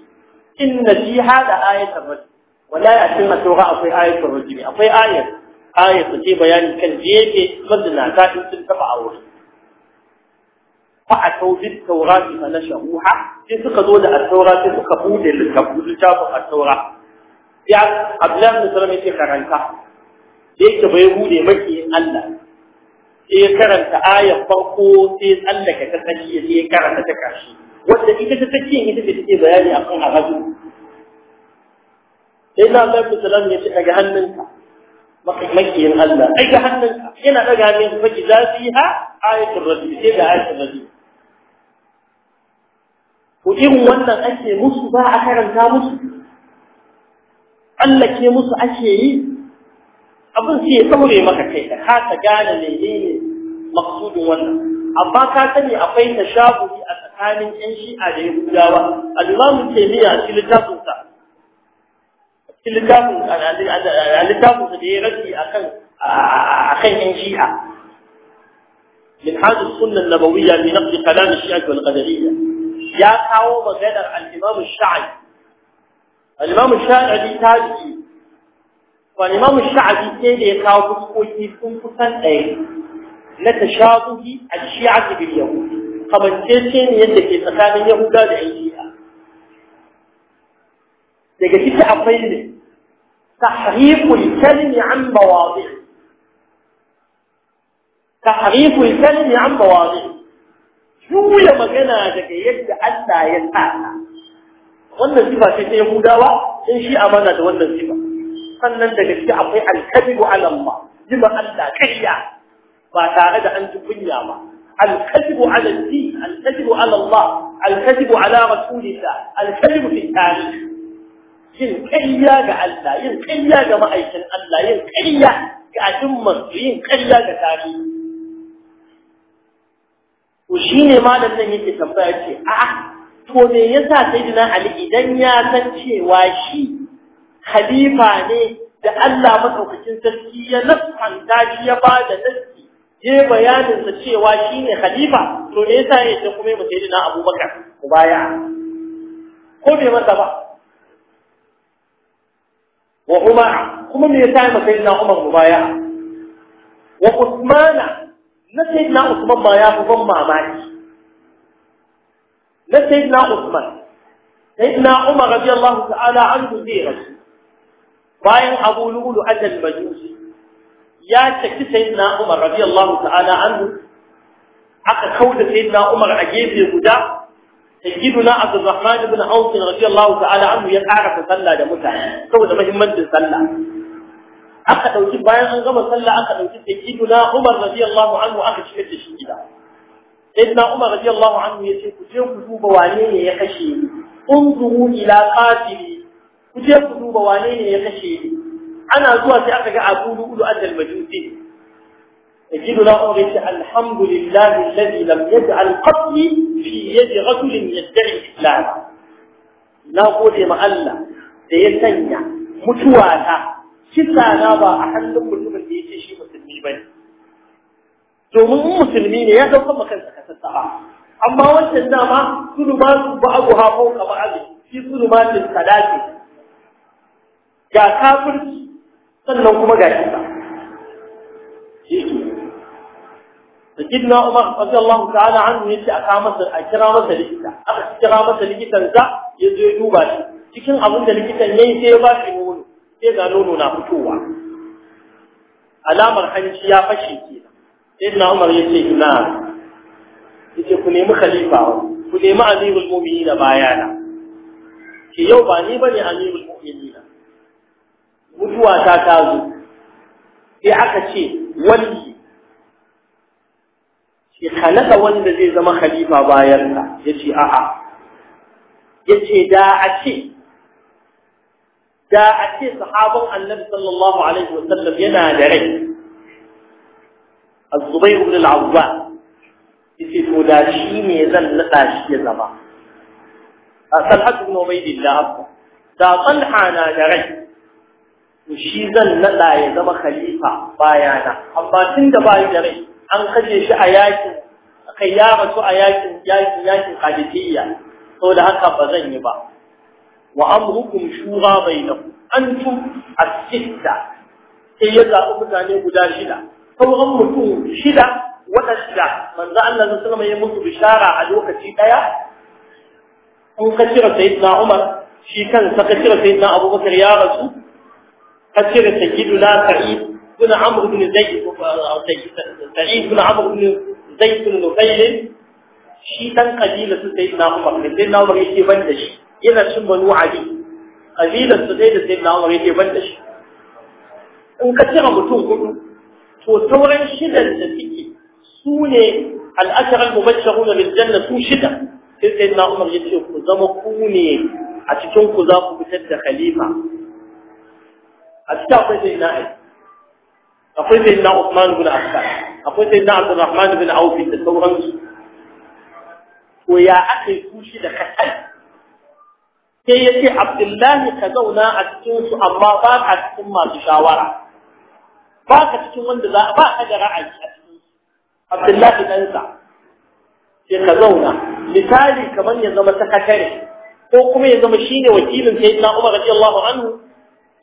na fi hada ayatan rajul wallahi a cikin tauga akwai ayatan rajul akwai ayat ayat ce bayani kan jefe mazina ta in sun taba a wuri. fa a tawbid tawrati fa nashuha sai suka zo da at-taura sai suka bude littafin at-taura ya Abdullahi bin Salam yake karanta da yake bai hude maki Allah sai karanta ayar farko sai tsallaka ta tsaki sai karanta ta karshe wanda ita ta take ita ce take bayani akan arabu sai na Allah ta salam ya ce daga hannunka makiyin Allah daga hannunka yana daga hannunka fa idza fiha ayatul rabbi sai da ayatul rabbi ko irin wannan ake musu ba a karanta musu Allah ke musu ake yi abin sai ya saure maka kai ka kasa gane menene maksudin wannan amma ka sani akwai ta tashabuhi a tsakanin yan shi'a da yahudawa al-imam taymiya shi littafin sa shi littafin littafin sa da ya rashi akan akan yan shi'a min hadu sunnah nabawiyya min naqd kalam ash-shi'a wal qadariyya ya kawo maganar al-imam ash-sha'i al-imam ash-sha'i tabi'i wani mamu sha'abi da ya kawo fuskoki sun kusan ɗaya na tashabuhi a shi'ati bil yahudi ne yadda ke tsakanin yahuda da yan daga ciki akwai ne tahriful kalimi an mawadi tahriful kalimi an juya magana daga yadda Allah ya wannan ce ta yahudawa in mana da wannan sannan daga ciki akwai alkadibu ala Allah yi Allah kariya ba tare da an ji ba alkadibu ala din alkadibu ala Allah alkadibu ala rasulillah alkadibu fi tarikh yin kariya ga Allah yin kariya ga ma'aikin Allah yin kariya ga addinin yin kariya ga tarihi to shine malam nan yake tambaya ce a'a to me yasa sayyidina Ali idan ya san cewa shi khalifa ne da Allah madaukakin sarki ya nasanta shi ya ba da nasi je bayanin sa cewa shine khalifa to me yasa ya ce kuma ya sai na Abubakar baya ko bai masa ba wa Umar kuma me yasa ya sai na Umar baya wa Uthman na sai na Usman ba ya fi ban mamaki na sai na Usman sai na Umar radiyallahu ta'ala anhu zai rasu bayan abu lulu ajal majusi ya taki sayyidina umar radiyallahu ta'ala anhu aka kauda sayyidina umar a gefe guda sayyiduna abdurrahman ibn auf radiyallahu ta'ala anhu ya karasa sallah da mutane saboda muhimmancin sallah aka dauki bayan an gama sallah aka dauki sayyiduna umar radiyallahu anhu aka shiga da shi gida sayyidina umar radiyallahu anhu ya ce ku je ku duba wane ne ya kashe ni unzuru ila qatili ku je ku duba wane ne ya kashe ni ana zuwa sai aka ga abu lu'ulu annal majusi يجد له الحمد لله الذي لم يجعل قتلي في يد رجل يدعي الاسلام na gode ma Allah da ya sanya mutuwata kisa na ba a hannun mutumin da ya ce shi musulmi ba ne. Domin in musulmi ne ya zauka ma kansa kasassa Amma wancan dama sulu ma su ba abu hafau kamar abu, shi sulu ma su sadaki ga kafirci sannan kuma ga shi ba سيدنا عمر Umar, الله تعالى عنه hannu ya ce a kira masa likita aka kira masa likitan sa ya zo duba shi cikin abin da likitan yi sai ya ba shi nono sai ga nono na fitowa alamar hanci ya fashe kenan sayyidina Umar ya yace ina yace ku nemi khalifa ku nemi amirul mu'minin bayana Ke yau ba ni ba bane amirul mu'minin mutuwa ta tazo. zo sai aka ce wali shi halaka wanda zai zama khalifa bayan ka yace a'a yace da a ce da a ce sahabban annabi sallallahu alaihi wasallam yana da rai az-zubayr ibn al-awwa yace to da shi ne zan nada shi ya zama a talhat ibn ubaydillah da talha na da rai to shi zan nada ya zama khalifa bayana amma tun da bayu da rai an kaje shi a yakin aka ya mutu a yakin yakin yakin qadisiyya da haka ba zan yi ba wa amrukum shura bainakum antum as-sitta sai ya zaɓi mutane guda shida sauran mutum shida wata shida, manzo Allah sallallahu alaihi wasallam ya mutu bishara a lokaci daya in ka cire sayyidina Umar shi kan saka cire sayyidina Abubakar ya rasu تفسير سيدنا سعيد بن عمرو بن زيد سعيد بن عمرو بن زيد بن نفيل shi dan kabilar su sai na Umar ne sai na Umar yake ban da shi yana cin banu da ban da shi in ka cire mutum hudu to sauran shidan da suke su ne al'ashar al-mubashshirun bil su shida sai sai na Umar ce ku zama ku ne a cikin ku za ku fitar da khalifa akwai sai na ai akwai na akwai na ko da ya ce Abdullahi ka zauna a cikin amma ba cikin masu shawara ba ka da ra'ayi a ka zauna misali kamar ya zama sakatare ko kuma ya zama shine wakilin sayyidina Umar radiyallahu anhu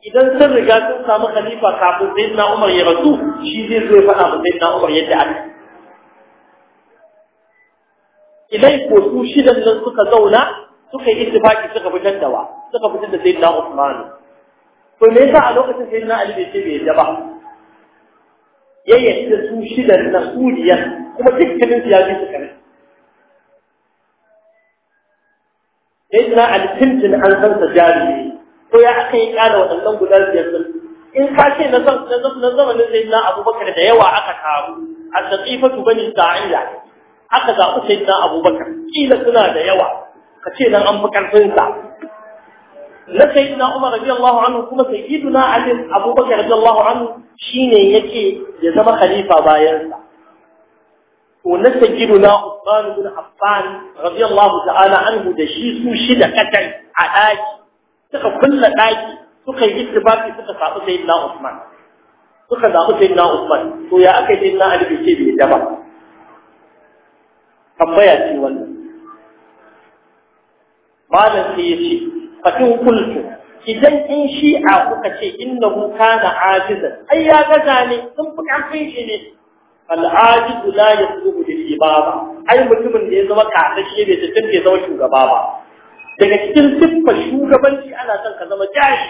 idan sun riga sun samu khalifa kafin sai na umar ya rasu shi zai zo ya faɗa sai na umar yadda aka idan ko su shidan nan suka zauna suka yi ittifaki suka fitar da wa suka fitar da sai na usman to me yasa a lokacin sai na ali bai ce bai yadda ba ya yadda su shidan na diya kuma dukkanin su ya ji su kare sai na ali tintin an san sa jami'i ko ya aka yi kyala waɗannan guda biyar din in ka ce na zamanin na abubakar da yawa aka taru a tsatsifatu bani sa'ila aka zaɓi na abubakar Ƙila suna da yawa ka ce nan an fi ƙarfin sa na sayyidina umar radiyallahu anhu kuma na ali abubakar radiyallahu anhu shine yake ya zama khalifa bayansa. sa to na sayyiduna usman ibn affan radiyallahu ta'ala anhu da shi su shida katai a daki suka kulla ɗaki suka yi ittifaqi suka sabu sayyidina Usman suka zaɓi sayyidina Usman to ya aka yi na Ali bai ce bai daba tambaya ce wannan malam sai ya ce fa in qultu idan in shi'a kuka ce innahu kana ajizan ai ya gaza ne sun fi karfin shi ne al'ajizu la yasluhu bil ibaba ai mutumin da ya zama kafashe bai tafi bai zama shugaba ba daga cikin siffar shugabanci ana son ka zama jari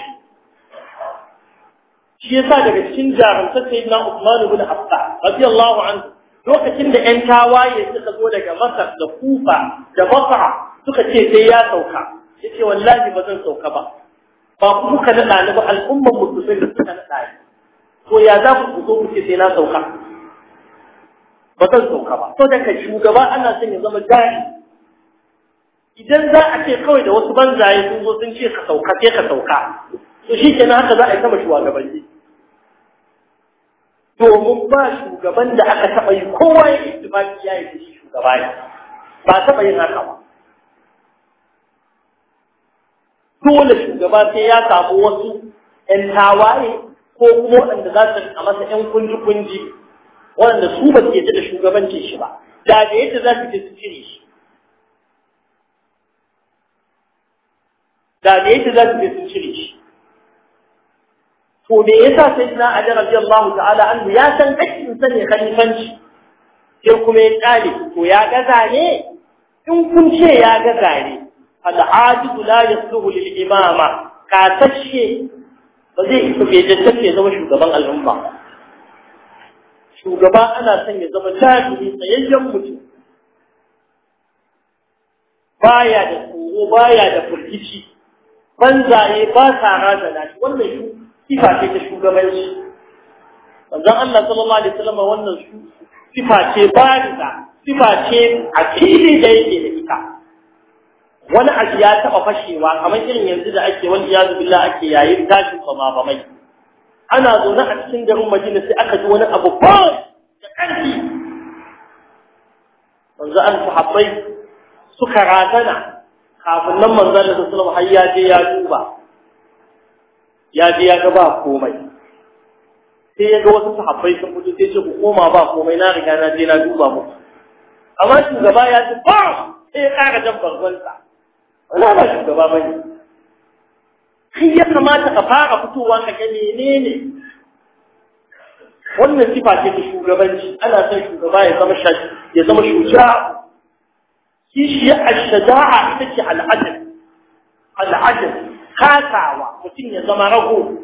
shi yasa daga cikin jarumtar sayyidina Uthman ibn Affan radiyallahu anhu lokacin da ƴan tawaye suka zo daga Masar da Kufa da Basra suka ce sai ya sauka yace wallahi ba zan sauka ba ba ku ka nada ni ba al'umman musulmi da suka nada ni to ya za ku zo ku ce sai na sauka ba zan sauka ba to daga shugaba ana son ya zama jari idan za a ce kawai da wasu banzaye sun zo sun ce ka sauka sai ka sauka to shi kenan haka za a yi sama shugabanni domin ba shugaban da aka taɓa yi kowa ya yi tumaki ya yi shi shugaba ne ba taɓa yin haka ba dole shugaba sai ya samu wasu 'yan tawaye ko kuma waɗanda za su a masa 'yan kunji-kunji waɗanda su ba su yadda da shugabancin shi ba da da yadda za su je su cire shi da me yake za su je sun cire shi to me yasa sai na a radiyallahu ta'ala an ya san hakkin sa ne khalifanci sai kuma ya kare to ya gaza ne in kun ce ya gaza ne al'adu la yasluhu lil imama ka tashe ba zai isa bai ya zama shugaban al'umma shugaba ana son ya zama jami'i tsayayyen mutum baya da tsoro baya da firgici banzaye ba sa razana shi wannan shi sifa ce ta shugabanci manzon Allah sallallahu alaihi wasallam wannan shi sifa ce bariza sifa ce a fili da yake da ita wani abu ya taɓa fashewa kamar irin yanzu da ake wani iyazu billahi ake yayin tashin kuma ba mai ana zaune a cikin garin madina sai aka ji wani abu ba da ƙarfi manzo an sahabbai suka ratana. kafin nan manzon da sallallahu har ya je ya duba ya je ya ga ba komai sai ya ga wasu sahabbai sun fito sai ce ku koma ba komai na riga na je na duba mu amma shugaba ya ji ba sai ya kara jan bargonsa wala ba shugaba ba ne kai ya kamata ka fara fitowa ka ga menene wannan sifa ce ta shugabanci ana son shugaba ya zama shaji ya zama shuja kishi ash-shaja'a ita ce al-adl al-adl kasawa mutum ya zama rago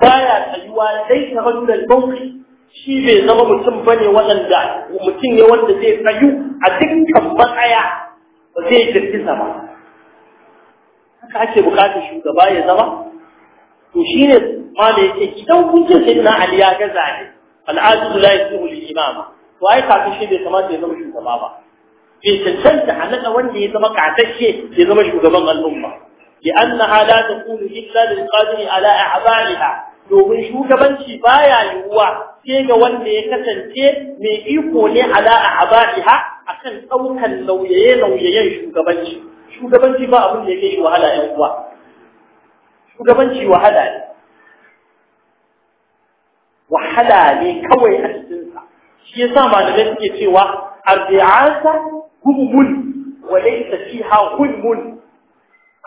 baya tsayuwa dai ta al mawqi shi bai zama mutum bane waɗanda mutum ne wanda zai tsayu a dukkan matsaya ba zai girgiza ba haka ake bukatar shugaba ya zama to shine ma da yake idan kun ce sai ali ya gaza ne al'adu la yusul imama to ai kafin shi bai kamata ya zama shugaba ba bai cancanta a naɗa wanda ya zama katacce ya zama shugaban al'umma bi annaha la takunu illa lil qadiri ala a'ba'iha domin shugabanci baya yiwuwa sai ga wanda ya kasance mai iko ne ala a'ba'iha akan ɗaukan nauyaye-nauyayen shugabanci shugabanci ba abin da yake shi wahala yan uwa shugabanci wahala ne wahala ne kawai a cikin shi yasa malamai suke cewa ar-ri'asa hubun wa laysa fiha hulmun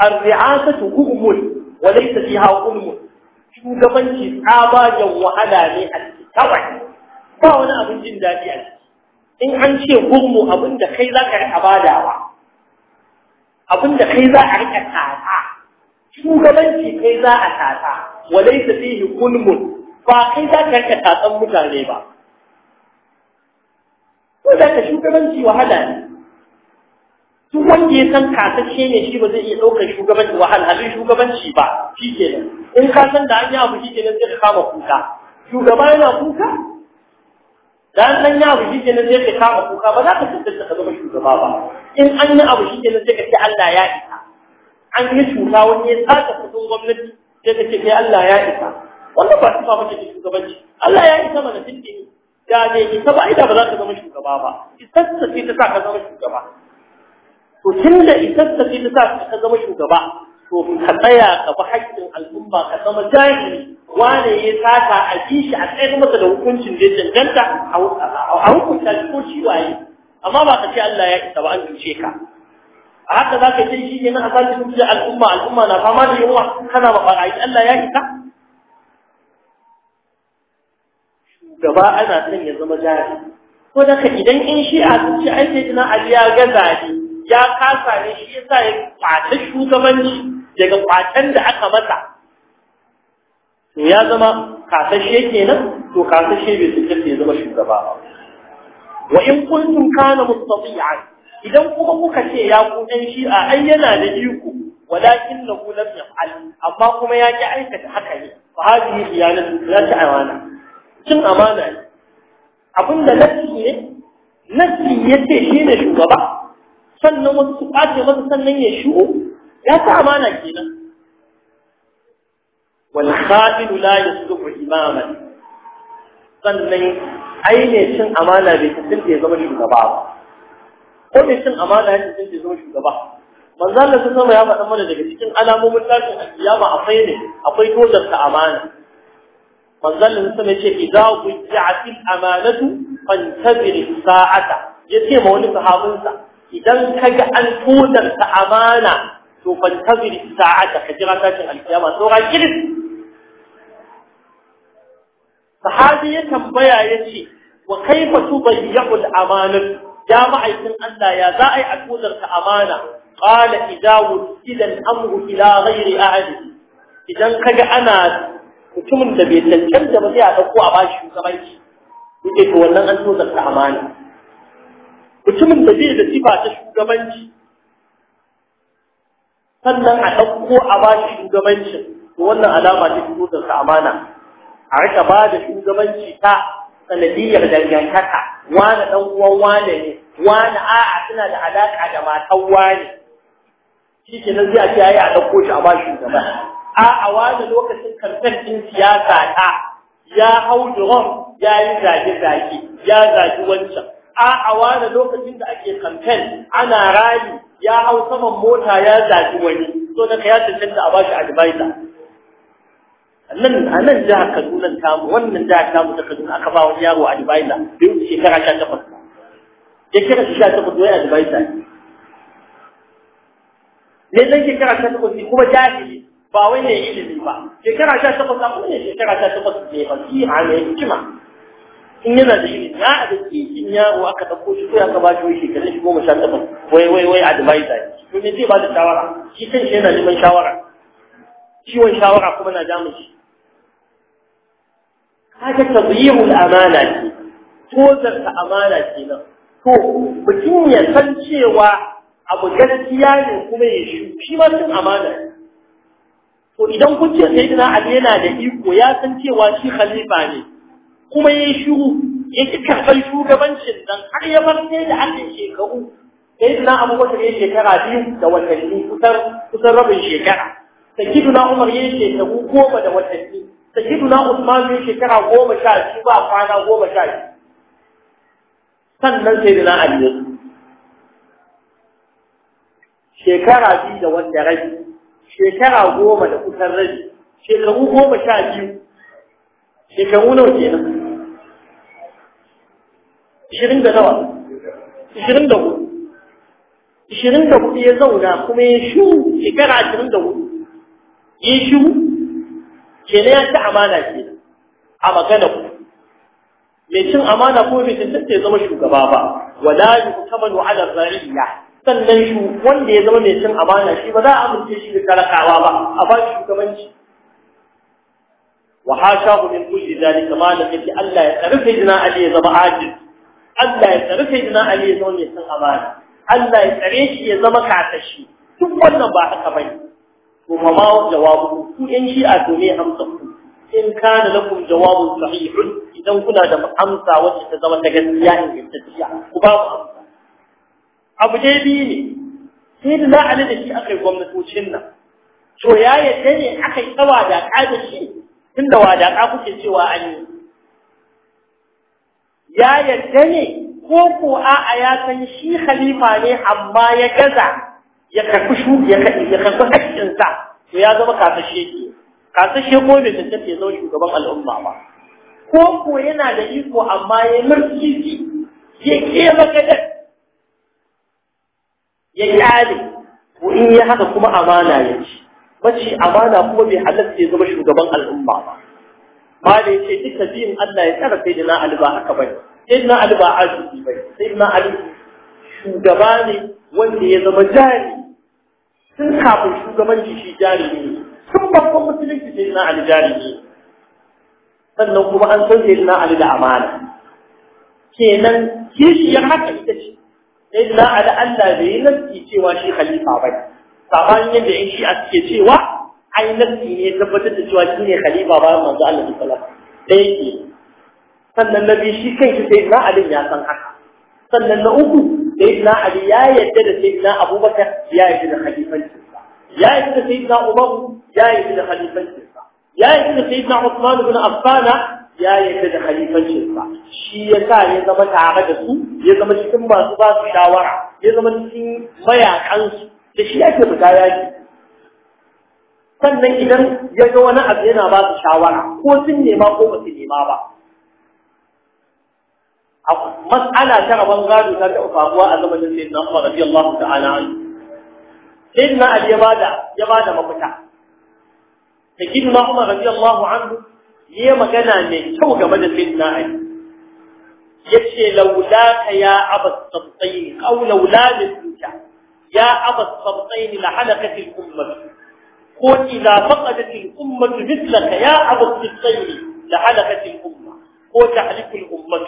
ar-ri'asa hubun wa laysa fiha hulmun shugabanci tsabagen wahala ne a cikin kawai ba wani abin jin daɗi a ciki in an ce gurmu abin da kai za ka riƙa badawa abin da kai za a riƙa tata shugabanci kai za a tata walai ta fihi gulmun ba kai za ka riƙa tatsan mutane ba ko da ka shugabanci wahala ne duk wanda ya san kasashe ne shi ba zai iya ɗaukar shugabanci wahala abin shugabanci ba shi nan in ka san da an yi abu shi kenan sai ka kama kuka shugaba yana kuka da an san yi abu shi kenan sai ka kama kuka ba za ka tantance ka zama shugaba ba in an yi abu shi kenan sai ka ce Allah ya isa an yi shuka wani ya tsaka kudin gwamnati sai ka ce kai Allah ya isa wannan ba su ba mace shugabanci Allah ya isa mana tindini da ne ita ba ita ba za ta zama shugaba ba isarsa ce ta sa ka zama shugaba to tun da ta ce ta sa ka zama shugaba to ka tsaya ka bi haƙƙin al'umma ka zama jahili wane ya saka a bi shi a tsayar masa da hukuncin da ya danganta a hukunta shi ko shi waye amma ba ka ce Allah ya isa ba an cuce ka a haka za ka ce shi ne na asali da al'umma al'umma na fama da yunwa kana ba ba a yi Allah ya isa gaba ana son ya zama jari ko da idan in shi'a sun ci aiki ina ali ya ga ne ya kasa ne shi yasa ya kwace shugabanni daga kwacen da aka masa to ya zama kasashe kenan to kasashe bai su kace zama shugaba ba wa in kuntum kana mustati'an idan kuma kuka ce ya ku dan shi'a ai yana da iko walakin lahu lam yaf'al amma kuma ya ki aikata haka ne fa hadhihi cin amana ne abinda da ne ya ce shi ne shugaba sannan wasu su ƙace masa sannan ya shigo ya ta amana kenan Wani khadilu la yasluhu imaman sannan ai ne cin amana bai da ya zama shugaba ba ko ne cin amana ya da ya zama shugaba manzo Allah sama ya faɗa mana daga cikin alamomin a alkiyama akwai ne akwai tozar ta amana manzalin sama ce idza wujja'atil amanatu fantabir sa'ata yace ma wani sahabinsa idan kaga an tudar ta amana to fantabir sa'ata ka jira tashin alkiyama to ga kiris sahabi ya tambaya yace wa kaifa tubayyul amanatu ya ma'aikin Allah ya za a yi a tudar ta amana qala idza wujjila al-amru ila ghairi a'li idan kaga ana mutumin da bai cancanta ba sai a ɗauko a bashi shugabanci yake to wannan an so zarta amana mutumin da bai da sifa ta shugabanci sannan a ɗauko a bashi shugabanci, to wannan alama ce ta so zarta amana a rika ba da shugabanci ta sanadiyar dangantaka wani ɗan uwan wane ne wani a'a suna da alaƙa da matan wane shi ke nan zai a ce yi a ɗauko shi a bashi shugabanci a a wani lokacin kamfen ɗin siyasa ta ya hau drum ya yi zage-zage ya zage wancan a a wani lokacin da ake kamfen ana rayu ya hau saman mota ya zage wani so daga ya cancanta a bashi adivisa. nan a nan jihar kaduna mu wannan jihar mu ta kaduna aka ba wani yaro adivisa, bai wuce shekara sha takwas ya kira shi sha takwas wai adivisa? ne ne dan shekara sha takwas kuma jahili ba wai ne ilimi ba shekara sha takwas na kuma shekara sha takwas ne ba yi a yi hikima in yana da ilimi na a da ke in yaro aka ɗauko shi ko ya ka shi, wai shekarun shi goma sha takwas wai wai wai advisor to me zai ba da shawara shi kan shi yana neman shawara ciwon shawara kuma na damu shi haka tazyihul amana ce tozar ta amana ce nan to mutum ya san cewa abu gaskiya ne kuma ya shi shi ma sun amana ne to idan kun ce sayyidina ali yana da iko ya san cewa shi khalifa ne kuma yayi shiru ya ki karɓar shugabancin nan har ya bar sai da an shekaru abu abubakar yayi shekara biyu da watanni kusan kusan rabin shekara sayyidina umar yayi shekaru goma da watanni na usman yayi shekara goma sha biyu ba kwana goma sha shi. sannan na ali shekara biyu da wanda rabi shekara goma da kusan rabi shekaru goma sha biyu shekaru nawa kenan ishirin da nawa ishirin da hudu ishirin da hudu ya zauna kuma ya shu shekara ashirin da hudu ya shu kenan ya ci amana ke a magana ku mai cin amana ko mai cin ya zama shugaba ba wala yuhtamanu ala zariyya sannan shi wanda ya zama mai cin amana shi ba za a amince shi da talakawa ba a ba shi shugabanci wa hashahu min kulli zalika ma da yake Allah ya tsare sayyidina Ali ya zama ajin Allah ya tsare sayyidina Ali ya zama mai cin amana Allah ya tsare shi ya zama katashi duk wannan ba haka bane to ma ma jawabu ku in shi a dole me amsa ku in kana lakum jawabun sahihun idan kuna da amsa wacce ta zama ta gaskiya ingantacciya ku ba mu abu dai biyu ne sai da za a da shi aka yi gwamnatocin nan to ya yadda ne aka yi tsawa da da shi tun da wa wadaƙa kuke cewa an yi ya yadda ne ko ko a ya san shi khalifa ne amma ya gaza ya karɓi shu ya karɓi haƙƙinsa to ya zama kasashe ke kasashe ko bai tantance ya zama shugaban al'umma ba ko ko yana da iko amma ya murtisi ya ke magadar ya kyale ko in yi haka kuma amana ya ci mace amana kuma bai halatta ya zama shugaban al'umma ba ba da ce duka biyun Allah ya tsara sai dina Ali ba haka bai sai dina Ali ba arziki bai sai dina Ali shugaba ne wanda ya zama jari sun kafin shugabanci shi jari ne sun babban musulunci sai dina Ali jari ne sannan kuma an san sai dina Ali da amana kenan kishiyar haka ita ce sai na ala Allah bai nasi cewa shi khalifa ba sabanin yadda in shi ake cewa ai nasi ne tabbatar da cewa shi ne khalifa ba manzo Allah sallallahu alaihi wasallam sai ke sannan nabi shi kai shi sai na Ali ya san haka sannan na uku sai na Ali ya yadda da sai na Abubakar ya yadda da khalifanci ya yadda da sai na Umar ya yadda da khalifanci ya yadda da sai na Uthman ibn Affan ya yarda da ba, shi ya sa ya zama tare da su ya zama cikin masu ba su shawara ya zama cikin mayakansu da shi mu fita yaki sannan idan ya ga wani abu yana ba su shawara ko sun nema ko ba su nema ba mas'ala ta rabon gado ta taɓa faruwa a zamanin sai na Umar radiyallahu ta'ala anhu sai na Ali ya bada ya bada mafita da gidan Umar radiyallahu anhu ya magana mai kyau game da sayyidina ali yace laula ka ya abas sabtain aw laula minka ya abas sabtain la halakat al ummah ko idza faqadat al ummah mithlaka ya abas sabtain la halakat al ummah ko tahlik al ummah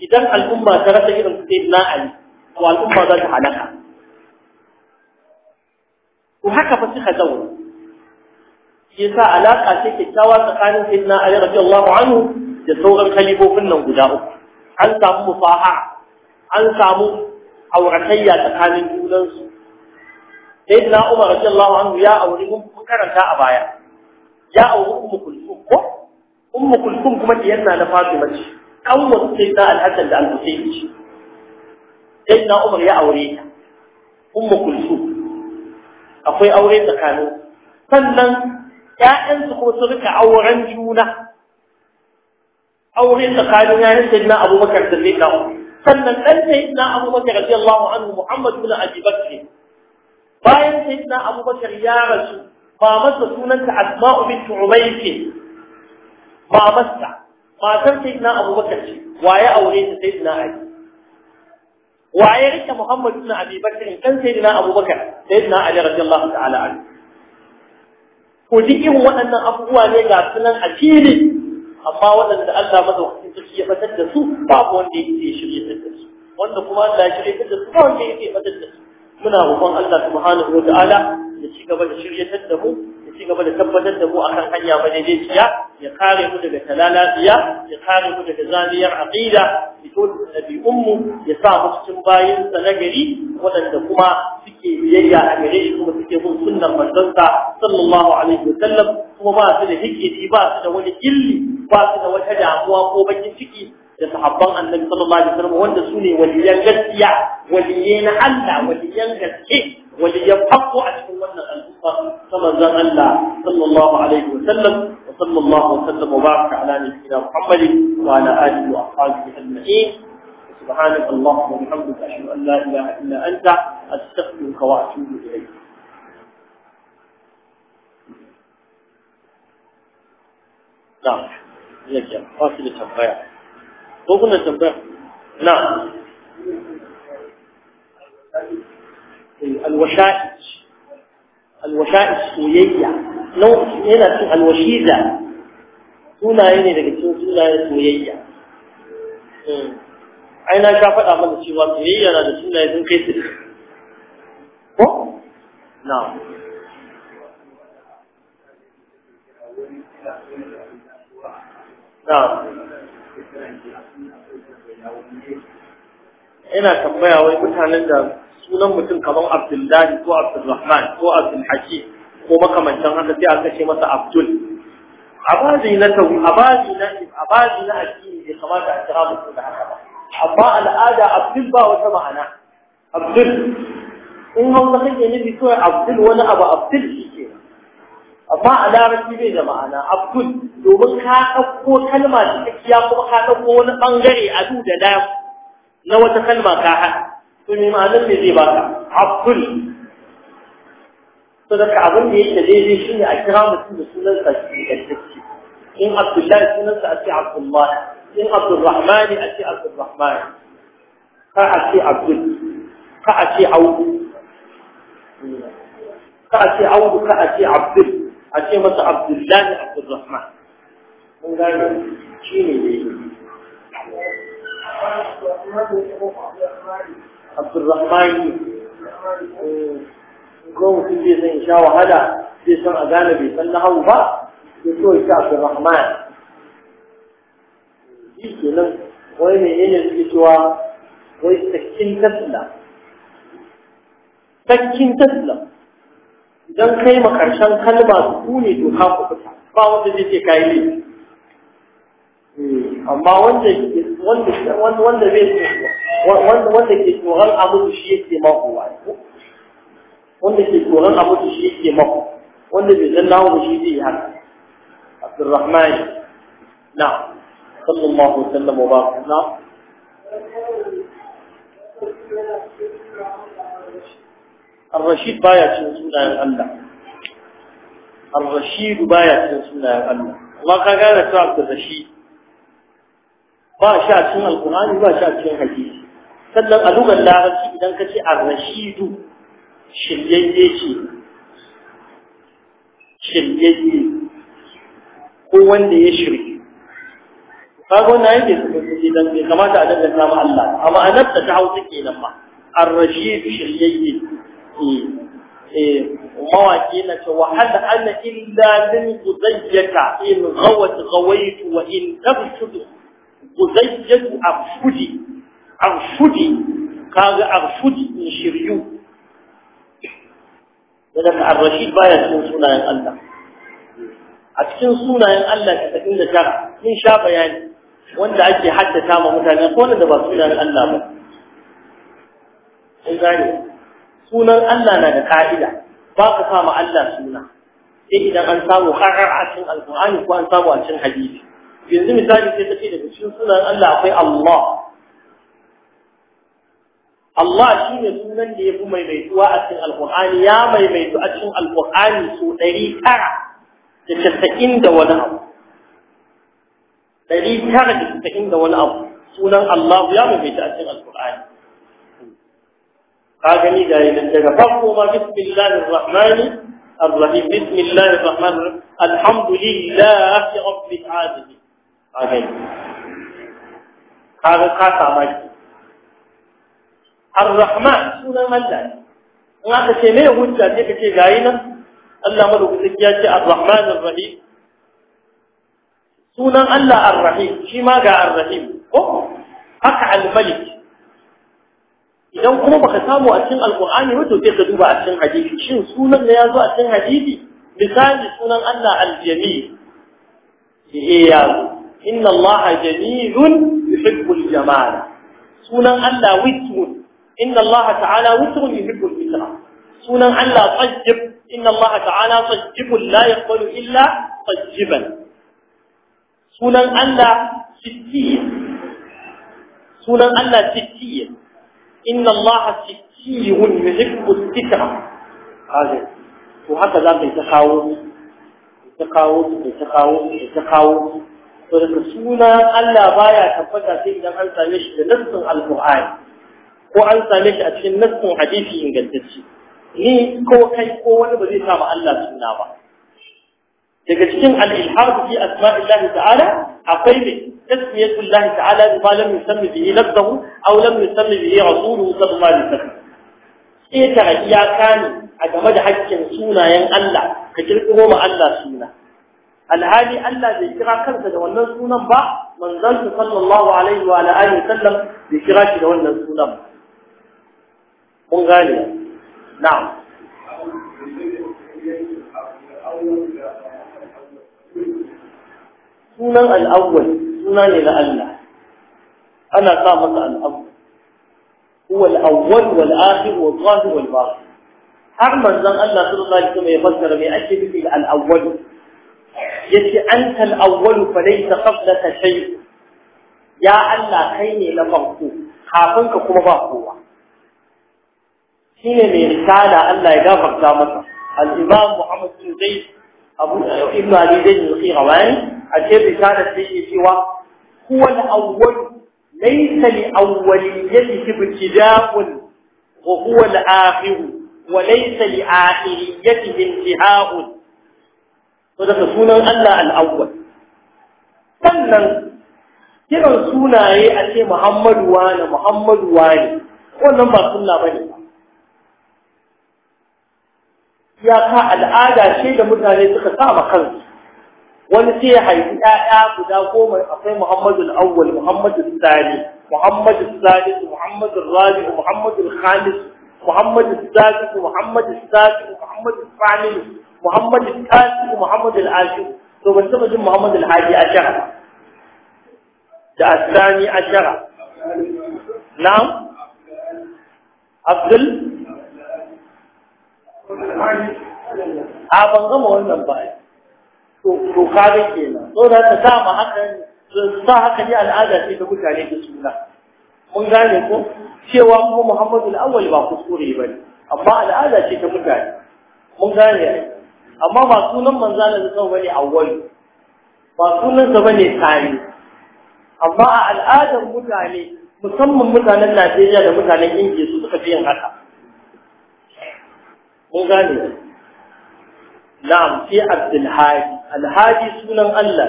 idan al umma ta rasa irin sayyidina ali to al umma za ta halaka ko haka fa suka zauna shi yasa alaka ce kyakkyawa tsakanin sayyidina Ali radiyallahu anhu da sauran kalifofin nan guda uku an samu mufaha an samu auratayya tsakanin junansu sayyidina Umar radiyallahu anhu ya auri mun karanta a baya ya auri ummu kulsum ko ummu kulsum kuma diyan na Fatima ce kan wasu sayyidina Al-Hasan da Al-Husayn ce sayyidina Umar ya aure ta ummu kulsum akwai aure tsakanin sannan ‘ya'yansu kuma su rika auren juna aure tsakanin yayin sayyidina abubakar da zai umar sannan dan sayyidina abubakar radiyallahu anhu muhammad bin abi bakr bayan sayyidina abubakar ya rasu mamarsa sunanta asma'u bint umayr ce mamarsa matar sayyidina abubakar ce waye aure ta sayyidina ali waye rike muhammad bin abi bakr dan sayyidina abubakar sayyidina ali radiyallahu ta'ala anhu ko duk irin waɗannan abubuwa ne ga sunan a fili amma waɗanda Allah maza madaukakin sarki ya fitar da su babu wanda ya ke shirye da su wanda kuma Allah ya shirye da su ba wanda ya ke fitar da su muna roƙon Allah subhanahu wa ta'ala ya ci gaba da shirye da mu ci gaba da tabbatar da mu akan hanya madaidaiciya ya kare mu daga talalatiya ya kare mu daga zaniyar aqida fito da ummu ya sa mu cikin bayin sa na gari waɗanda kuma suke biyayya a gare shi kuma suke bin sunnar manzonsa sallallahu alaihi wa sallam kuma ba su da hikiti ba su da wani gilli ba su da wata damuwa ko bakin ciki da sahabban annabi sallallahu alaihi wa sallam wanda su ne waliyan gaskiya waliyan Allah waliyan gaske ya fako a cikin wannan al'umma ta manzon Allah sallallahu alaihi wa sallam wa sallallahu wa sallam wa baraka ala nabiyyina Muhammad wa ala alihi wa ashabihi ajma'in subhanak allahumma wa bihamdika ashhadu an la ilaha illa anta astaghfiruka wa atubu ilayk نعم يجب فاصل التنبيه وقلنا نعم alwasha'ij alwasha'ij soyayya yana cin alwashiza sunaye daga cikin sunayen soyayya ai faɗa mana cewa soyayya na da sunaye sun ina tambaya wai mutanen da sunan mutum kamar abdullahi ko abdulrahman ko abdulhakim ko makamantan haka sai aka ce masa abdul A abazi na tawu abazi na abazi na addini bai kamata a kira mutum da haka ba amma al'ada abdul ba wata ma'ana abdul in hausa kake nufi kawai abdul wani abu abdul shi ke amma a larabci bai da ma'ana abdul domin ka ɗauko kalma da tsakiya kuma ka ɗauko wani ɓangare a duk da na wata kalma ka haɗa to me ma'anar me zai baka abdul to da abin da yake daidai shi ne a kira mutum da sunansa shi ne gaske in abdullahi sunansa a ce abdullahi in abdurrahmani a ce abdurrahmani ka a ce abdul ka a ce audu ka a audu ka a ce abdul a ce masa abdullahi abdurrahman mun gane shi ne ne abdurrahmani eh, ko mutum zai san sha wahala zai san a gane bai san nahawu ba ya so ya abdurrahman shi nan, wai mai menene suke cewa wai sakin tasla sakin tasla idan kai ma karshen kalma su ne doka ku fita, ba wanda zai ce kayi ne eh, amma wanda wanda wanda bai ce wanda ke tsoron abu shi yake mako wani wanda ke tsoron abu shi yake mako wanda bai san nawo shi zai yi haka Abdurrahman na sallallahu alaihi wa baraka na الرشيد بايا cikin sunayen Allah الرشيد بايا cikin sunayen Allah Allah ka gane ta Abdurrashid ba shi a cikin Alƙur'ani ba shi a cikin sannan a lugar larabci idan ka ce ar-rashidu shiryayye ce shiryayye ko wanda ya shirye kaga wannan yake sukunci dan bai kamata a danganta zama Allah amma anan ta ta hausa kenan ma ar shiryayye eh eh na ce wa hada ana illa min in ghawat ghawaitu wa in tabtud qudayyatu afudi arfudi kaga arfudi in shiryu daga ar-rashid baya cikin sunayen Allah a cikin sunayen Allah ta tafi da tara mun sha bayani wanda ake haddata ma mutane ko da ba sunayen Allah ba kun gane sunan Allah na da ka'ida ba ka kama Allah suna sai idan an samu harar a cikin alkur'ani ko an samu a cikin hadisi yanzu misali sai ta ce daga cikin sunan Allah akwai Allah Allah shi ne sunan da ya fi maimaituwa a cikin alkur'ani ya maimaitu a cikin alkur'ani su ɗari tara da casa'in da wani abu ɗari tara da casa'in da wani abu sunan Allah ya maimaitu a cikin alkur'ani ka gani da yadda daga farko ma bismillahir rahmanir rahim bismillahir rahmanir rahim alhamdulillahi rabbil alamin ka gani ka ka samu Ar-Rahman sunan Allah ne. In aka ce me hujja sai ka ce gayi nan Allah madaukaki ya ce Ar-Rahman Ar-Rahim. Sunan Allah Ar-Rahim shi ma ga Ar-Rahim. Ko haka Al-Malik. Idan kuma baka samu a cikin Al-Qur'ani ba to sai ka duba a cikin hadisi. Shin sunan da ya zo a cikin hadisi? Misali sunan Allah Al-Jamil. Shi eh, ya zo. Inna Allah jamilun yuhibbul jamal. Sunan Allah witmun inna Allah ta'ala witrun yuhibbul fitra sunan Allah tajib inna Allah la yaqbalu illa tajiban sunan sunan Allah sittiyya inna Allah sittiyun yuhibbul fitra kaje to haka za ka ta kawo ta kawo ta kawo ta kawo to daga sunan Allah baya tabbata sai idan an same shi da nassin alqur'ani ko an same shi a cikin nassin hadisi ingantacce ni ko kai ko wani ba zai samu Allah suna ba daga cikin al-ilhad fi asma'illahi ta'ala akwai ne tasmiyatullah ta'ala bi ma lam yusammi bihi nafsuhu aw lam yusammi bihi rasuluhu sallallahu alaihi wasallam sai ta iyaka ne a game da haƙƙin sunayen Allah ka kirkiro ma Allah suna alhali Allah bai kira kansa da wannan sunan ba manzon sallallahu alaihi wa alihi sallam bai kira shi da wannan sunan ba تكون غالية نعم سنة الأول سنة لله أنا ثابت الأول هو الأول والآخر والظاهر والباطن أما زن الله صلى الله عليه وسلم يبشر بأجل في الأول يتي أنت الأول فليس قبلك شيء يا الله خيني لفرقو حافنك كما باقوة shine mai risala Allah ya gafarta masa al-imam Muhammad bin Zaid Abu Ibn Ali Zaid al-Qirawani a cikin risala sai yake cewa huwa al-awwal laysa li awwaliyatihi ibtida'un wa huwa al-akhir wa laysa li akhiriyatihi intiha'un to daga sunan Allah al-awwal sannan kiran sunaye a ce Muhammadu wani Muhammadu wani wannan ba sunna bane ba Ya iyaka al'ada ce da mutane suka sama kansu wani sai haifi ‘ya'ya guda goma akwai Muhammadu Awwal, Muhammadu Sani, Muhammadu Sani, Muhammadu Rabi, Muhammadu Khamis, Muhammadu Sani, Muhammadu Sani, Muhammadu Sani, Muhammadu Kasi, Muhammadu Al'ashi, to ban taɓa jin Muhammadu Al'ashi a shara. Da Asani a shara. Na'am? Abdul? a ban gama wannan ba to ka ga kenan so da ta sa ma hakan sa haka ne al'ada ce ta mutane da suna mun gane ko cewa mu Muhammadu al-awwal ba kuskure bane amma al'ada ce ta mutane mun gane amma ba sunan manzana da sau bane awwal ba sunan sa bane tari. amma a al'adar mutane musamman mutanen Najeriya da mutanen Indiya su suka fi yin haka mun gane na'am sai abdul hadi alhadi sunan Allah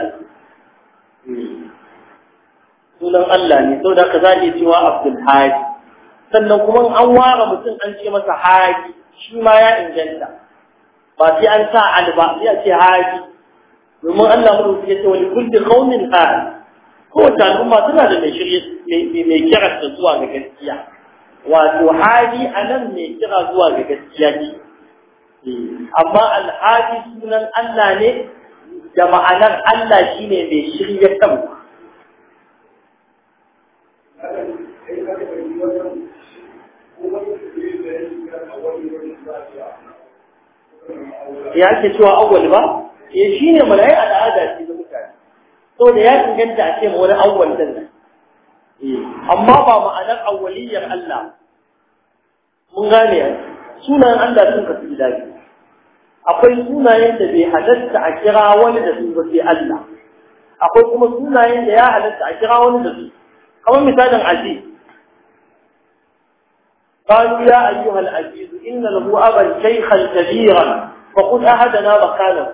sunan Allah ne da ka zai cewa abdul hadi sannan kuma an ware mutum an ce masa hadi shi ma ya inganta ba sai an sa al ba sai a ce hadi domin Allah mu ya ce wani kulli qaumin hadi kowace al'umma suna da mai shirye mai kira zuwa ga gaskiya wato hali a nan mai kira zuwa ga gaskiya ne amma alhaji sunan Allah ne da ma'anar Allah shi ne mai shirya kan ya ke cewa awwal ba eh shi ne ai al'ada ce da mutane so da ya inganta a ce mu wani awwal din eh, amma ba ma'anar awwaliyyar Allah mun gane sunan Allah sun kasu gida akwai sunayen da bai halatta a kira wani da su ba sai Allah akwai kuma sunayen da ya halatta a kira wani da su kamar misalin aziz قالوا يا أيها العزيز إن له أبا شيخا كبيرا فقل أحدنا مكانه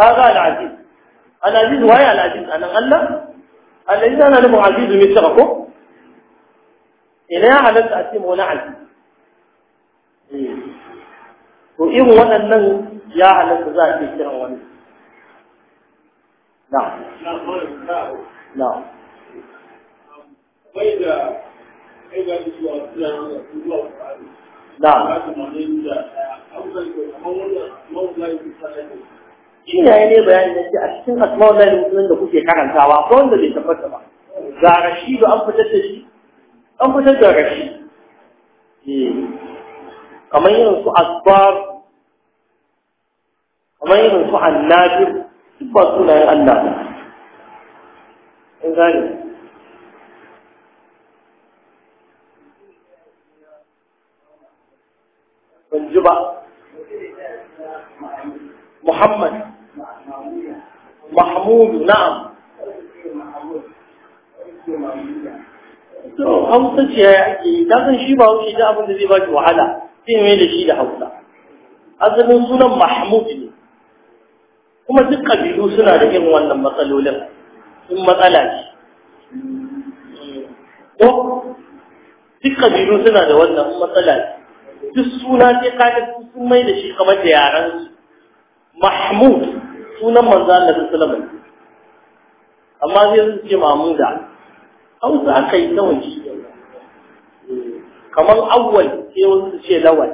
هذا العزيز العزيز وهي العزيز أنا قلنا العزيز أنا له عزيز مثلكم إليها على التأثيم هنا عزيز to irin waɗannan ya halatta za a iya kiran wani na na Na. shi ne ne bayani na ce a cikin da lahi musulun da kuke karantawa ko wanda bai tabbata ba ga rashi da an fitar da shi an fitar da rashi eh. kamar yin su asbab kamar irin su annabi duk ba sunayen Allah ba in gane ban ji ba Muhammad Mahmud na'am to hausa ce ya ta san shi ba wuce da abin da zai ba shi wahala sai mai da shi da hausa asalin sunan Mahmud ne kuma duk kabilu suna da irin wannan matsalolin sun matsala ne. ko duk kabilu suna da wannan matsala ne duk suna sai kaga sun mai da shi kamar da yaran su mahmud sunan manzo Allah sallallahu alaihi amma sai su ce mahmuda hausa aka yi nawa shi kamar awwal sai wasu ce lawal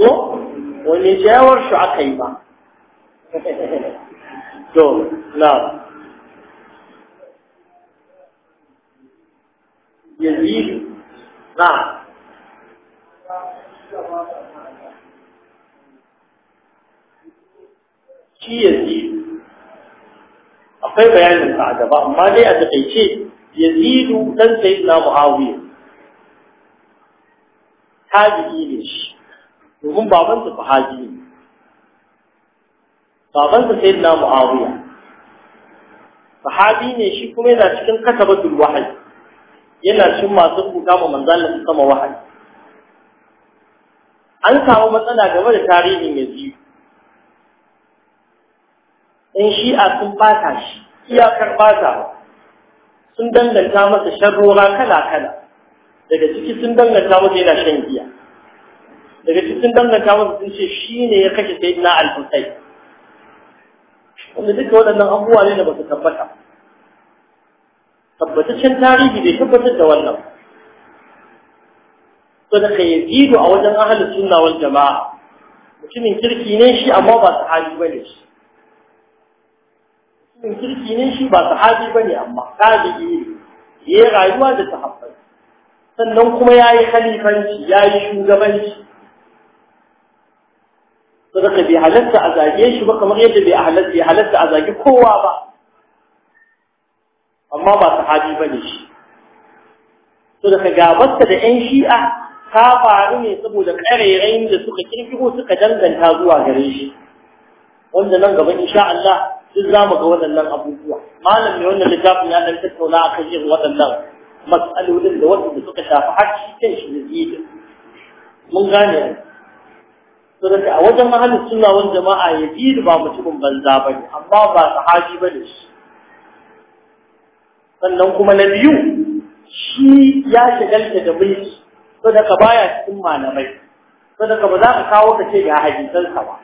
ko wani shawar shi aka yi ba (laughs) to na shi yazid akwai bayanin sa a gaba amma dai a takaice yazidu dan sayyidina muawiya tabi'i ne shi domin baban su babansa sai na mu'awiya sahabi ne shi kuma yana cikin katabatul wahayi yana cikin masu kuka ma manzon sama wahayi an samu matsala game da tarihin yazid in shi'a sun bata shi iyakar bata sun danganta masa sharrora kala-kala daga ciki sun danganta masa yana shan giya daga ciki sun danganta masa sun ce shi ne ya kashe sai na al-husayn wanda duka waɗannan abubuwa ne da ba su tabbata tabbataccen tarihi bai tabbatar da wannan so da kai zido a wajen ahalin sunna wal jama'a mutumin kirki ne shi amma ba sahabi ba ne shi mutumin kirki ne shi ba sahabi ba ne amma tabi'i ne ya yi rayuwa da sahabbai sannan kuma ya yi khalifanci ya yi shugabanci sadaka bai halatta a zage shi ba kamar yadda bai halatta ya halatta a zage kowa ba amma ba sahabi bane shi to daga da yan shi'a ta faru ne saboda ƙarairayin da suka kirkiro suka danganta zuwa gare shi wanda nan gaba insha Allah duk za mu ga waɗannan abubuwa malam mai wannan littafin ya ɗan tattauna a kan irin waɗannan mas'alolin da wasu suka shafi har shi kan shi da mun gane saboda a wajen ahlus sunna wani jama'a da ba mutumin banza ne, amma ba sahabi bane shi sannan kuma na biyu shi ya shigalta da mulki saboda ka baya cikin malamai saboda ka ba za ka kawo ka ce ga hadisansa ba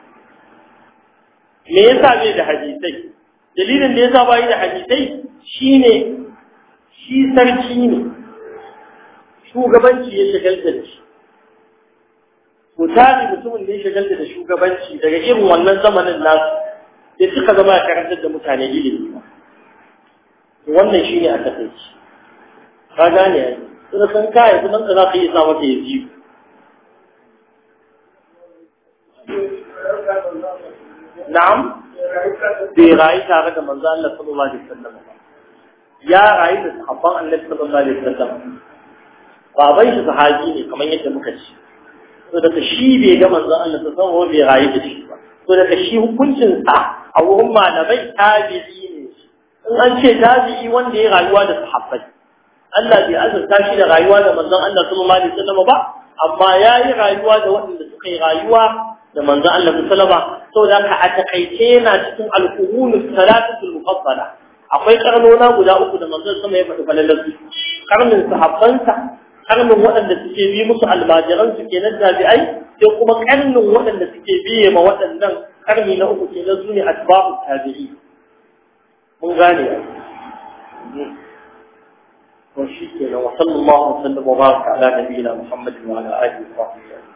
me yasa bai da hadisai dalilin da yasa bai da hadisai shine shi sarki ne shugabanci ya shagalta da shi Mutane mutumin da ya shagalta da shugabanci daga irin wannan zamanin nasu ya suka zama a karantar da mutane ilimi wannan shine a takaici ka gane ai sun san ka yanzu nan za ka yi sa maka yaji na'am bai rayu tare da manzo Allah sallallahu alaihi wasallam ya rayu da sahabban Allah sallallahu alaihi wasallam baban shi sahabi ne kamar yadda muka ci so daga shi bai ga manzon Allah sallallahu alaihi bai rayu da shi ba so daga shi hukuncin sa a wurin malamai tabi'i ne in an ce tabi'i wanda ya rayuwa da sahabbai Allah bai azurta shi da rayuwa da manzon Allah sallallahu alaihi wasallam ba amma yayi rayuwa da waɗanda suka yi rayuwa da manzon Allah sallallahu alaihi wasallam da ka a takaice yana cikin al-qurunus salatu mufaddala akwai karnona guda uku da manzon sama ya faɗi falalar su karnin sahabbansa karnin waɗanda suke bi musu almajiran ke nan tabi'ai sai kuma karnin waɗanda suke biye ma waɗannan karni na uku kenan su ne asbabu tabi'i mun gane to shi kenan wa sallallahu alaihi wa sallam wa baraka ala nabiyina muhammadin wa ala alihi wa sahbihi